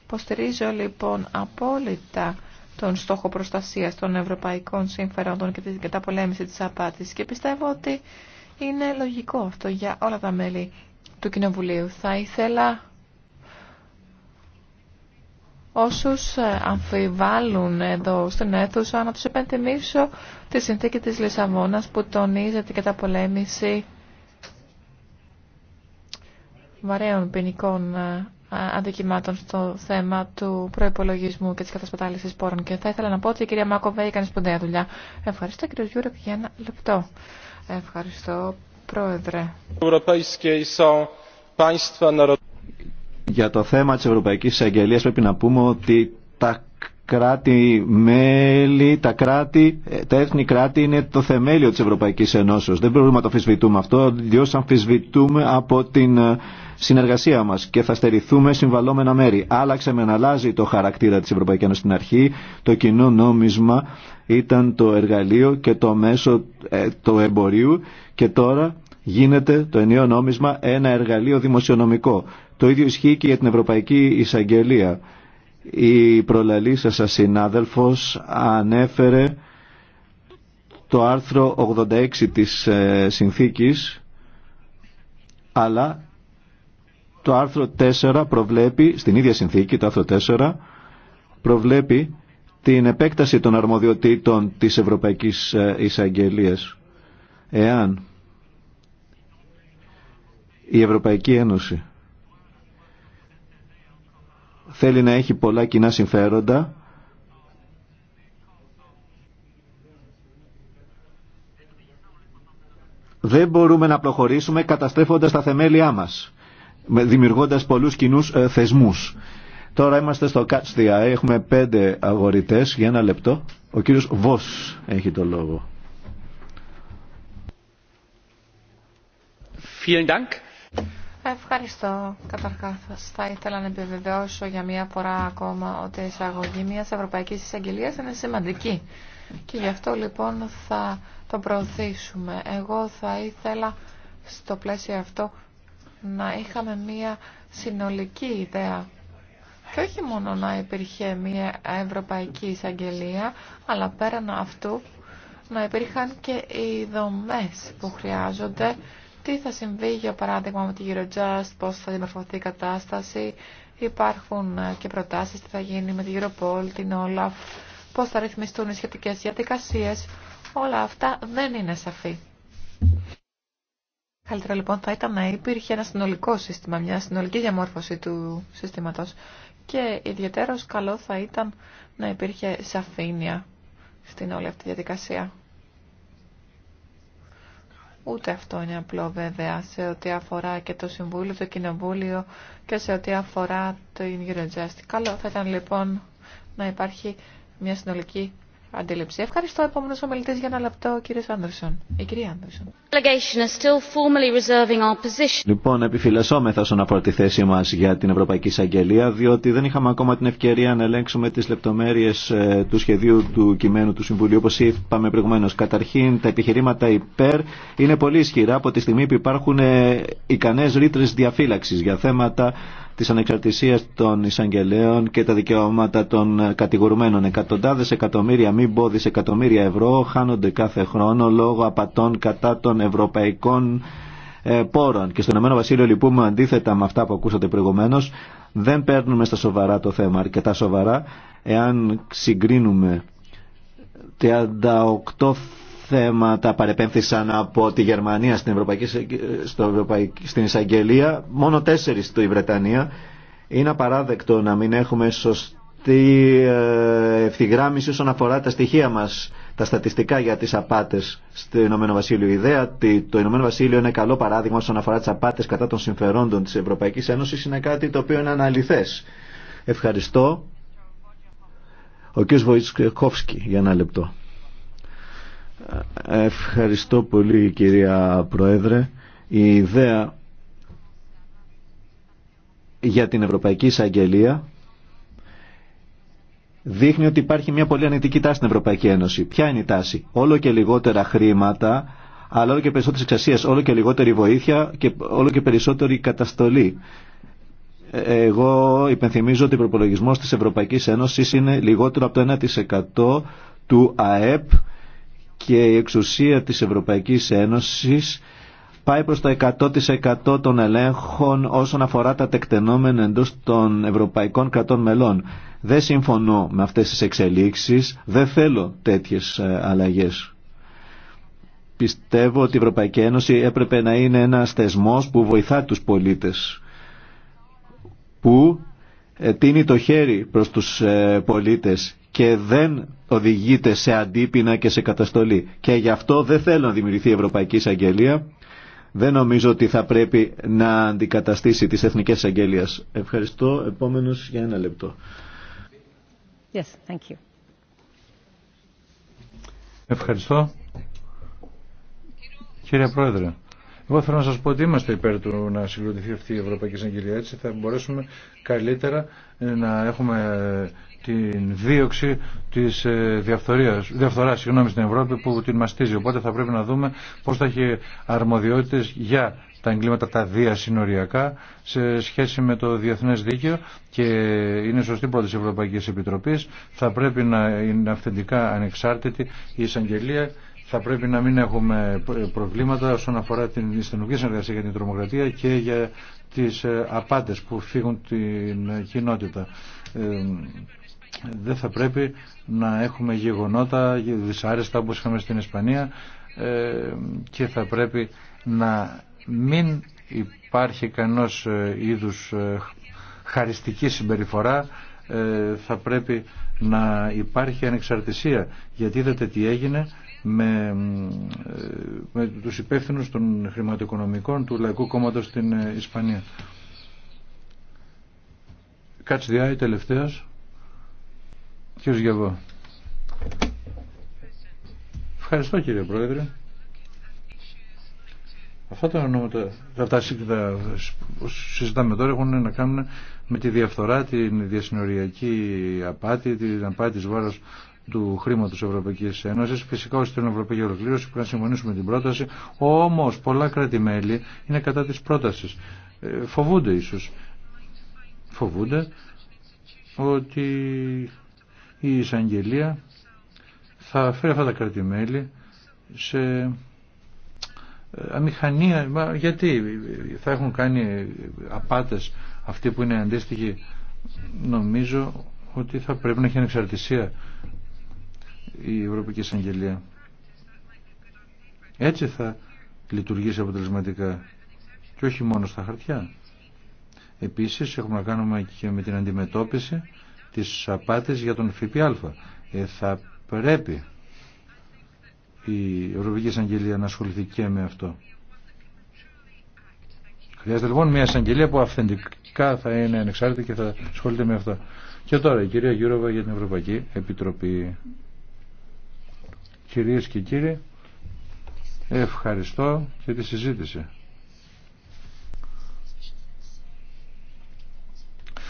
Υποστηρίζω λοιπόν απόλυτα τον στόχο προστασίας των ευρωπαϊκών συμφερόντων και την καταπολέμηση της απάτη. Και πιστεύω ότι είναι λογικό αυτό για όλα τα μέλη του Κοινοβουλίου. Θα ήθελα όσους ε, αμφιβάλλουν εδώ στην αίθουσα να τους επενθυμίσω τη συνθήκη της Λισαβόνας που τονίζει την καταπολέμηση βαρέων ποινικών ε, αντικειμάτων στο θέμα του προπολογισμού και τη κατασπατάληση πόρων. Και θα ήθελα να πω ότι η κυρία Μάκοβε έκανε σπουδαία δουλειά. Ευχαριστώ, κύριο Γιούρεπ, για ένα λεπτό. Ευχαριστώ, πρόεδρε. Για το θέμα τη Ευρωπαϊκή Αγγελία πρέπει να πούμε ότι τα κράτη-μέλη, τα κράτη, ε, τα έθνη κράτη είναι το θεμέλιο της Ευρωπαϊκής Ενώσεως. Δεν μπορούμε να το αμφισβητούμε αυτό, διότι αμφισβητούμε από την ε, συνεργασία μας και θα στερηθούμε συμβαλόμενα μέρη. Άλλαξε με να αλλάζει το χαρακτήρα της Ευρωπαϊκής Ένωσης στην αρχή. Το κοινό νόμισμα ήταν το εργαλείο και το μέσο ε, του εμπορίου και τώρα γίνεται το ενιαίο νόμισμα ένα εργαλείο δημοσιονομικό. Το ίδιο ισχύει και για την Ευρωπαϊκή Εισαγγελία. Η προλαλήσα σας συνάδελφος ανέφερε το άρθρο 86 της ε, συνθήκης αλλά το άρθρο 4 προβλέπει, στην ίδια συνθήκη το άρθρο 4 προβλέπει την επέκταση των αρμοδιοτήτων της Ευρωπαϊκής ε, Εισαγγελίας. Εάν η Ευρωπαϊκή Ένωση θέλει να έχει πολλά κοινά συμφέροντα δεν μπορούμε να προχωρήσουμε καταστρέφοντας τα θεμέλια μας, δημιουργώντας πολλούς κοινούς ε, θεσμούς. Τώρα είμαστε στο Catch the Eye, έχουμε πέντε αγορητές, για ένα λεπτό. Ο κύριος Βος έχει το λόγο. Vielen Dank. Ευχαριστώ. Καταρχά, θα ήθελα να επιβεβαιώσω για μία φορά ακόμα ότι η εισαγωγή μια Ευρωπαϊκή Εισαγγελία είναι σημαντική. Και γι' αυτό λοιπόν θα το προωθήσουμε. Εγώ θα ήθελα στο πλαίσιο αυτό να είχαμε μία συνολική ιδέα. Και όχι μόνο να υπήρχε μία Ευρωπαϊκή Εισαγγελία, αλλά πέραν αυτού να υπήρχαν και οι δομές που χρειάζονται τι θα συμβεί για παράδειγμα με τη Eurojust, πώς θα δημορφωθεί η κατάσταση, υπάρχουν ε, και προτάσεις τι θα γίνει με τη Europol, την Olaf, πώς θα ρυθμιστούν οι σχετικές διαδικασίες, όλα αυτά δεν είναι σαφή. Καλύτερα λοιπόν θα ήταν να υπήρχε ένα συνολικό σύστημα, μια συνολική διαμόρφωση του συστήματος και ιδιαίτερος καλό θα ήταν να υπήρχε σαφήνεια στην όλη αυτή τη διαδικασία. Ούτε αυτό είναι απλό βέβαια σε ό,τι αφορά και το Συμβούλιο, το Κοινοβούλιο και σε ό,τι αφορά το Eurojust. Καλό θα ήταν λοιπόν να υπάρχει μια συνολική αντίληψη. Ευχαριστώ επόμενο ομιλητή για ένα λεπτό, κύριε Άνδρουσον. Η κυρία Άνδρουσον. Λοιπόν, επιφυλασσόμεθα όσον αφορά τη θέση μα για την Ευρωπαϊκή Εισαγγελία, διότι δεν είχαμε ακόμα την ευκαιρία να ελέγξουμε τι λεπτομέρειε ε, του σχεδίου του κειμένου του Συμβουλίου, όπω είπαμε προηγουμένω. Καταρχήν, τα επιχειρήματα υπέρ είναι πολύ ισχυρά από τη στιγμή που υπάρχουν ε, ικανέ ρήτρε διαφύλαξη για θέματα της ανεξαρτησίας των εισαγγελέων και τα δικαιώματα των κατηγορουμένων. Εκατοντάδες εκατομμύρια, μη μπό δισεκατομμύρια ευρώ χάνονται κάθε χρόνο λόγω απατών κατά των ευρωπαϊκών ε, πόρων. Και στον Ηνωμένο Βασίλειο λυπούμε αντίθετα με αυτά που ακούσατε προηγουμένω, δεν παίρνουμε στα σοβαρά το θέμα, αρκετά σοβαρά, εάν συγκρίνουμε 38 θέματα παρεπέμφθησαν από τη Γερμανία στην, Ευρωπαϊκή, στο Ευρωπαϊκή, στην Εισαγγελία, μόνο τέσσερις στη Βρετανία. Είναι απαράδεκτο να μην έχουμε σωστή ε, ευθυγράμμιση όσον αφορά τα στοιχεία μας, τα στατιστικά για τις απάτες στο Ηνωμένο Βασίλειο. Η ιδέα ότι το Ηνωμένο Βασίλειο είναι καλό παράδειγμα όσον αφορά τις απάτες κατά των συμφερόντων της Ευρωπαϊκής Ένωσης είναι κάτι το οποίο είναι αναλυθές. Ευχαριστώ. Ο κ. Βοητσκόφσκι, για ένα λεπτό. Ευχαριστώ πολύ κυρία Πρόεδρε. Η ιδέα για την Ευρωπαϊκή Εισαγγελία δείχνει ότι υπάρχει μια πολύ ανετική τάση στην Ευρωπαϊκή Ένωση. Ποια είναι η τάση? Όλο και λιγότερα χρήματα, αλλά όλο και περισσότερες εξασίες, όλο και λιγότερη βοήθεια και όλο και περισσότερη καταστολή. Εγώ υπενθυμίζω ότι ο προπολογισμός της Ευρωπαϊκής Ένωσης είναι λιγότερο από το 1% του ΑΕΠ και η εξουσία της Ευρωπαϊκής Ένωσης πάει προς το 100% των ελέγχων όσον αφορά τα τεκτενόμενα εντός των ευρωπαϊκών κρατών μελών. Δεν συμφωνώ με αυτές τις εξελίξεις, δεν θέλω τέτοιες ε, αλλαγές. Πιστεύω ότι η Ευρωπαϊκή Ένωση έπρεπε να είναι ένας θεσμός που βοηθά τους πολίτες, που ε, τίνει το χέρι προς τους ε, πολίτες και δεν οδηγείται σε αντίπεινα και σε καταστολή. Και γι' αυτό δεν θέλω να δημιουργηθεί η Ευρωπαϊκή Εισαγγελία. Δεν νομίζω ότι θα πρέπει να αντικαταστήσει τις Εθνικές Εισαγγελίες. Ευχαριστώ. Επόμενος για ένα λεπτό. Yes, thank you. Ευχαριστώ. Κύριε Πρόεδρε. Εγώ θέλω να σας πω ότι είμαστε υπέρ του να συγκροτηθεί αυτή η Ευρωπαϊκή Εισαγγελία. Έτσι θα μπορέσουμε καλύτερα να έχουμε ε, την δίωξη της ε, διαφθορίας, διαφθοράς στην Ευρώπη που την μαστίζει. Οπότε θα πρέπει να δούμε πώς θα έχει αρμοδιότητες για τα εγκλήματα τα διασυνοριακά σε σχέση με το διεθνές δίκαιο και είναι σωστή πρώτη της Ευρωπαϊκής Επιτροπής. Θα πρέπει να είναι αυθεντικά ανεξάρτητη η εισαγγελία θα πρέπει να μην έχουμε προβλήματα όσον αφορά την ιστονομική συνεργασία για την τρομοκρατία και για τις ε, απάτες που φύγουν την κοινότητα. Ε, δεν θα πρέπει να έχουμε γεγονότα δυσάρεστα όπως είχαμε στην Ισπανία ε, και θα πρέπει να μην υπάρχει κανός είδους χαριστική συμπεριφορά θα πρέπει να υπάρχει ανεξαρτησία γιατί είδατε τι έγινε με, ε, με τους υπεύθυνους των χρηματοοικονομικών του Λαϊκού Κόμματος στην ε, Ισπανία. Κάτς διάει τελευταίος. Κύριος Γιαβό. Ευχαριστώ κύριε Πρόεδρε. Αυτά τα ονόματα, αυτά τα συζητάμε τώρα έχουν να κάνουν με τη διαφθορά, την διασυνοριακή απάτη, την απάτη της βάρος του χρήματο Ευρωπαϊκή Ένωση. Φυσικά, ω την Ευρωπαϊκή Ολοκλήρωση, πρέπει να συμφωνήσουμε την πρόταση. Όμω, πολλά κράτη-μέλη είναι κατά τη πρόταση. Ε, φοβούνται ίσω. Φοβούνται ότι η εισαγγελία θα φέρει αυτά τα κράτη-μέλη σε ε, αμηχανία. γιατί θα έχουν κάνει απάτες αυτοί που είναι αντίστοιχοι. Νομίζω ότι θα πρέπει να έχει ανεξαρτησία η Ευρωπαϊκή Εισαγγελία. Έτσι θα λειτουργήσει αποτελεσματικά και όχι μόνο στα χαρτιά. Επίσης έχουμε να κάνουμε και με την αντιμετώπιση της απάτης για τον ΦΠΑ. Ε, θα πρέπει η Ευρωπαϊκή Εισαγγελία να ασχοληθεί και με αυτό. Χρειάζεται λοιπόν μια εισαγγελία που αυθεντικά θα είναι ανεξάρτητη και θα ασχολείται με αυτό. Και τώρα η κυρία Γιούροβα για την Ευρωπαϊκή Επιτροπή. Κυρίες και κύριοι, ευχαριστώ για τη συζήτηση.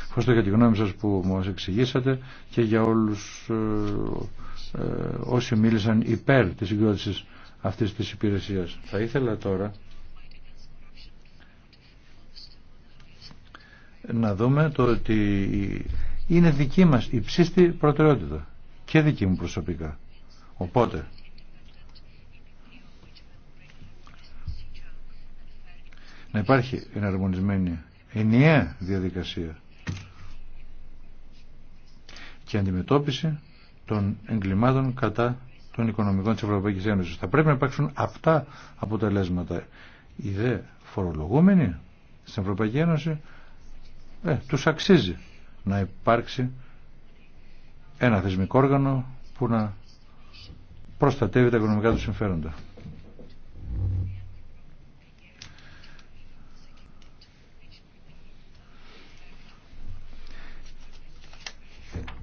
Ευχαριστώ για τη γνώμη σας που μας εξηγήσατε και για όλους ε, ε, όσοι μίλησαν υπέρ της συγκρότησης αυτής της υπηρεσίας. Θα ήθελα τώρα να δούμε το ότι είναι δική μας υψίστη προτεραιότητα και δική μου προσωπικά. Οπότε, να υπάρχει εναρμονισμένη ενιαία διαδικασία και αντιμετώπιση των εγκλημάτων κατά των οικονομικών της Ευρωπαϊκής Ένωσης. Θα πρέπει να υπάρξουν αυτά αποτελέσματα. Οι δε φορολογούμενοι στην Ευρωπαϊκή Ένωση ε, τους αξίζει να υπάρξει ένα θεσμικό όργανο που να προστατεύει τα οικονομικά του συμφέροντα.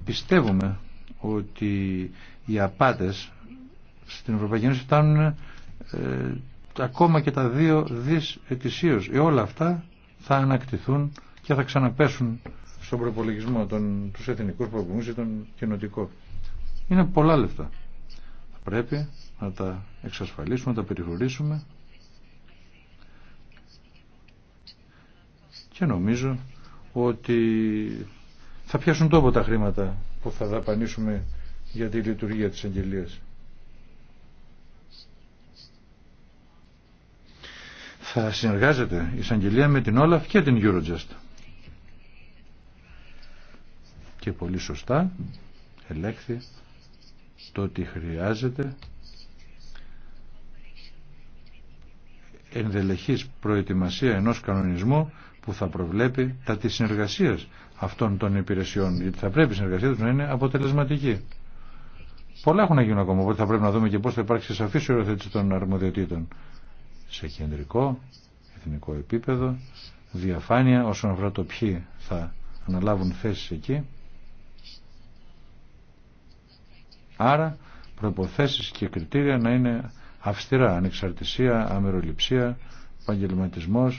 Πιστεύουμε ότι οι απάτες στην Ευρωπαϊκή Ένωση φτάνουν ε, ακόμα και τα δύο δις ετησίως. Ε, όλα αυτά θα ανακτηθούν και θα ξαναπέσουν στον προπολογισμό των, τους εθνικούς προπολογισμούς ή τον κοινοτικό. Είναι πολλά λεφτά. Πρέπει να τα εξασφαλίσουμε, να τα περιχωρήσουμε και νομίζω ότι θα πιάσουν τόπο τα χρήματα που θα δαπανίσουμε για τη λειτουργία της αγγελίας. Θα συνεργάζεται η εισαγγελία με την Όλαφ και την Eurojust. Και πολύ σωστά ελέγχθη το ότι χρειάζεται ενδελεχής προετοιμασία ενός κανονισμού που θα προβλέπει τα τη συνεργασίας αυτών των υπηρεσιών γιατί θα πρέπει η συνεργασία τους να είναι αποτελεσματική. Πολλά έχουν να γίνουν ακόμα οπότε θα πρέπει να δούμε και πώς θα υπάρξει σαφής οριοθέτηση των αρμοδιοτήτων σε κεντρικό, εθνικό επίπεδο, διαφάνεια όσον αφορά το ποιοι θα αναλάβουν θέσεις εκεί Άρα προϋποθέσεις και κριτήρια να είναι αυστηρά, ανεξαρτησία, αμεροληψία, επαγγελματισμό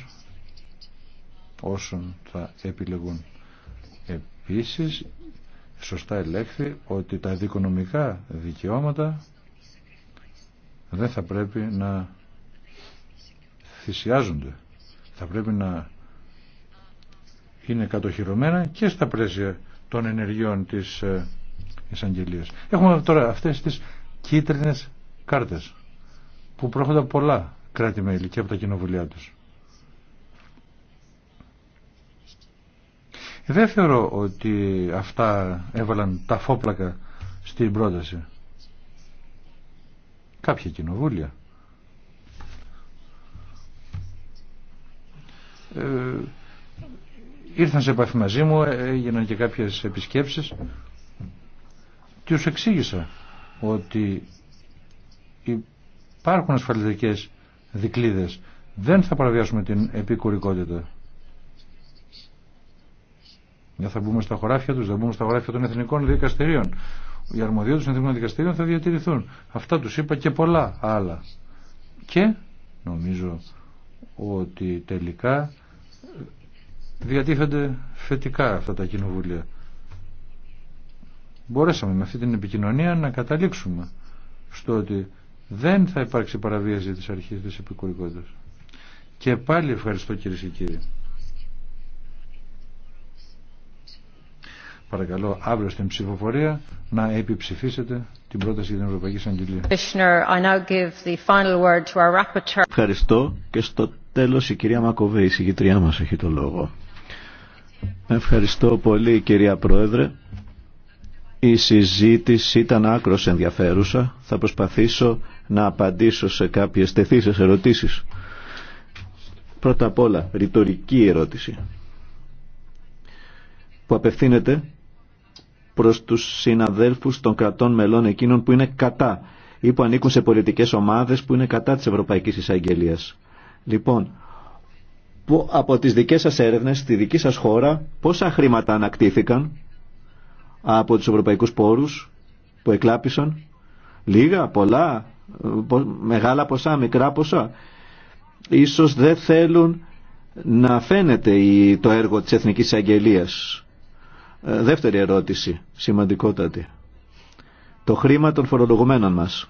όσων θα επιλεγούν. Επίσης, σωστά ελέγχθη ότι τα δικονομικά δικαιώματα δεν θα πρέπει να θυσιάζονται. Θα πρέπει να είναι κατοχυρωμένα και στα πλαίσια των ενεργειών της ε, εισαγγελίες. Έχουμε τώρα αυτές τις κίτρινες κάρτες που προέρχονται από πολλά κράτη-μέλη και από τα κοινοβουλιά τους. Ε, δεν θεωρώ ότι αυτά έβαλαν τα φόπλακα στην πρόταση. Κάποια κοινοβούλια. Ε, ήρθαν σε επαφή μαζί μου, ε, έγιναν και κάποιες επισκέψεις τους εξήγησα ότι υπάρχουν ασφαλιστικές δικλίδες. Δεν θα παραβιάσουμε την επικουρικότητα. Δεν θα μπούμε στα χωράφια τους, δεν μπούμε στα χωράφια των εθνικών δικαστηρίων. Οι αρμοδιότητες των εθνικών δικαστηρίων θα διατηρηθούν. Αυτά τους είπα και πολλά άλλα. Και νομίζω ότι τελικά διατίθενται φετικά αυτά τα κοινοβουλία μπορέσαμε με αυτή την επικοινωνία να καταλήξουμε στο ότι δεν θα υπάρξει παραβίαση της αρχής της επικουρικότητας. Και πάλι ευχαριστώ κύριε και κύριοι. Παρακαλώ αύριο στην ψηφοφορία να επιψηφίσετε την πρόταση για την Ευρωπαϊκή Εισαγγελία. Ευχαριστώ και στο τέλος η κυρία Μακοβέη, η συγκητριά μας έχει το λόγο. Ευχαριστώ πολύ κυρία Πρόεδρε. Η συζήτηση ήταν άκρος ενδιαφέρουσα. Θα προσπαθήσω να απαντήσω σε κάποιες τεθήσεις ερωτήσεις. Πρώτα απ' όλα, ρητορική ερώτηση που απευθύνεται προς τους συναδέλφους των κρατών μελών εκείνων που είναι κατά ή που ανήκουν σε πολιτικές ομάδες που είναι κατά της Ευρωπαϊκής Εισαγγελίας. Λοιπόν, που από τις δικές σας έρευνες στη δική σας χώρα πόσα χρήματα ανακτήθηκαν από τους ευρωπαϊκούς πόρους που εκλάπησαν. Λίγα, πολλά, μεγάλα ποσά, μικρά ποσά. Ίσως δεν θέλουν να φαίνεται το έργο της Εθνικής Αγγελίας. Ε, δεύτερη ερώτηση, σημαντικότατη. Το χρήμα των φορολογουμένων μας.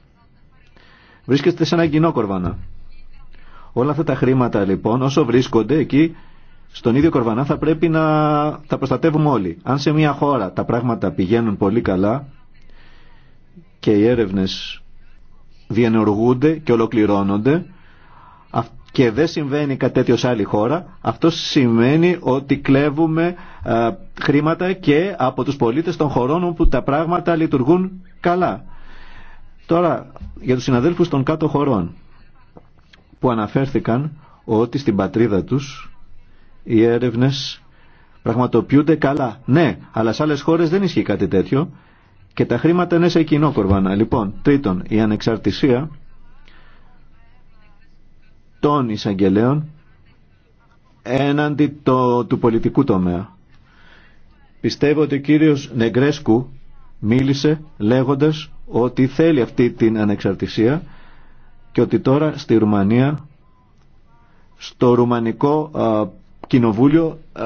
Βρίσκεστε σε ένα κοινό κορβάνα. Όλα αυτά τα χρήματα λοιπόν όσο βρίσκονται εκεί στον ίδιο κορβανά θα πρέπει να τα προστατεύουμε όλοι. Αν σε μια χώρα τα πράγματα πηγαίνουν πολύ καλά και οι έρευνες διενεργούνται και ολοκληρώνονται και δεν συμβαίνει κάτι τέτοιο σε άλλη χώρα, αυτό σημαίνει ότι κλέβουμε χρήματα και από τους πολίτες των χωρών όπου τα πράγματα λειτουργούν καλά. Τώρα, για τους συναδέλφους των κάτω χωρών που αναφέρθηκαν ότι στην πατρίδα τους οι έρευνε πραγματοποιούνται καλά. Ναι, αλλά σε άλλε χώρες δεν ισχύει κάτι τέτοιο και τα χρήματα είναι σε κοινό κορβάνα. Λοιπόν, τρίτον, η ανεξαρτησία των εισαγγελέων έναντι το, του πολιτικού τομέα. Πιστεύω ότι ο κύριος Νεγκρέσκου μίλησε λέγοντας ότι θέλει αυτή την ανεξαρτησία και ότι τώρα στη Ρουμανία στο ρουμανικό κοινοβούλιο ε,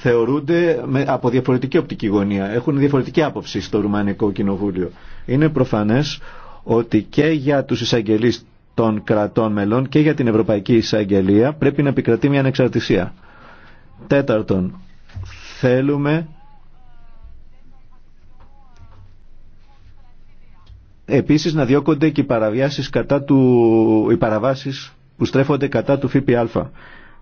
θεωρούνται από διαφορετική οπτική γωνία. Έχουν διαφορετική άποψη στο Ρουμανικό Κοινοβούλιο. Είναι προφανές ότι και για τους εισαγγελεί των κρατών μελών και για την Ευρωπαϊκή Εισαγγελία πρέπει να επικρατεί μια ανεξαρτησία. Τέταρτον, θέλουμε επίσης να διώκονται και οι παραβιάσεις κατά του, οι παραβάσεις που στρέφονται κατά του ΦΠΑ.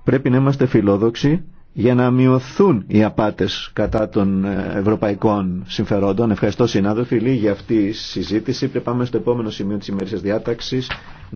Πρέπει να είμαστε φιλόδοξοι για να μειωθούν οι απάτες κατά των ε, ευρωπαϊκών συμφερόντων. Ευχαριστώ συνάδελφοι. για αυτή τη συζήτηση. Πρέπει πάμε στο επόμενο σημείο της ημέρης διάταξης.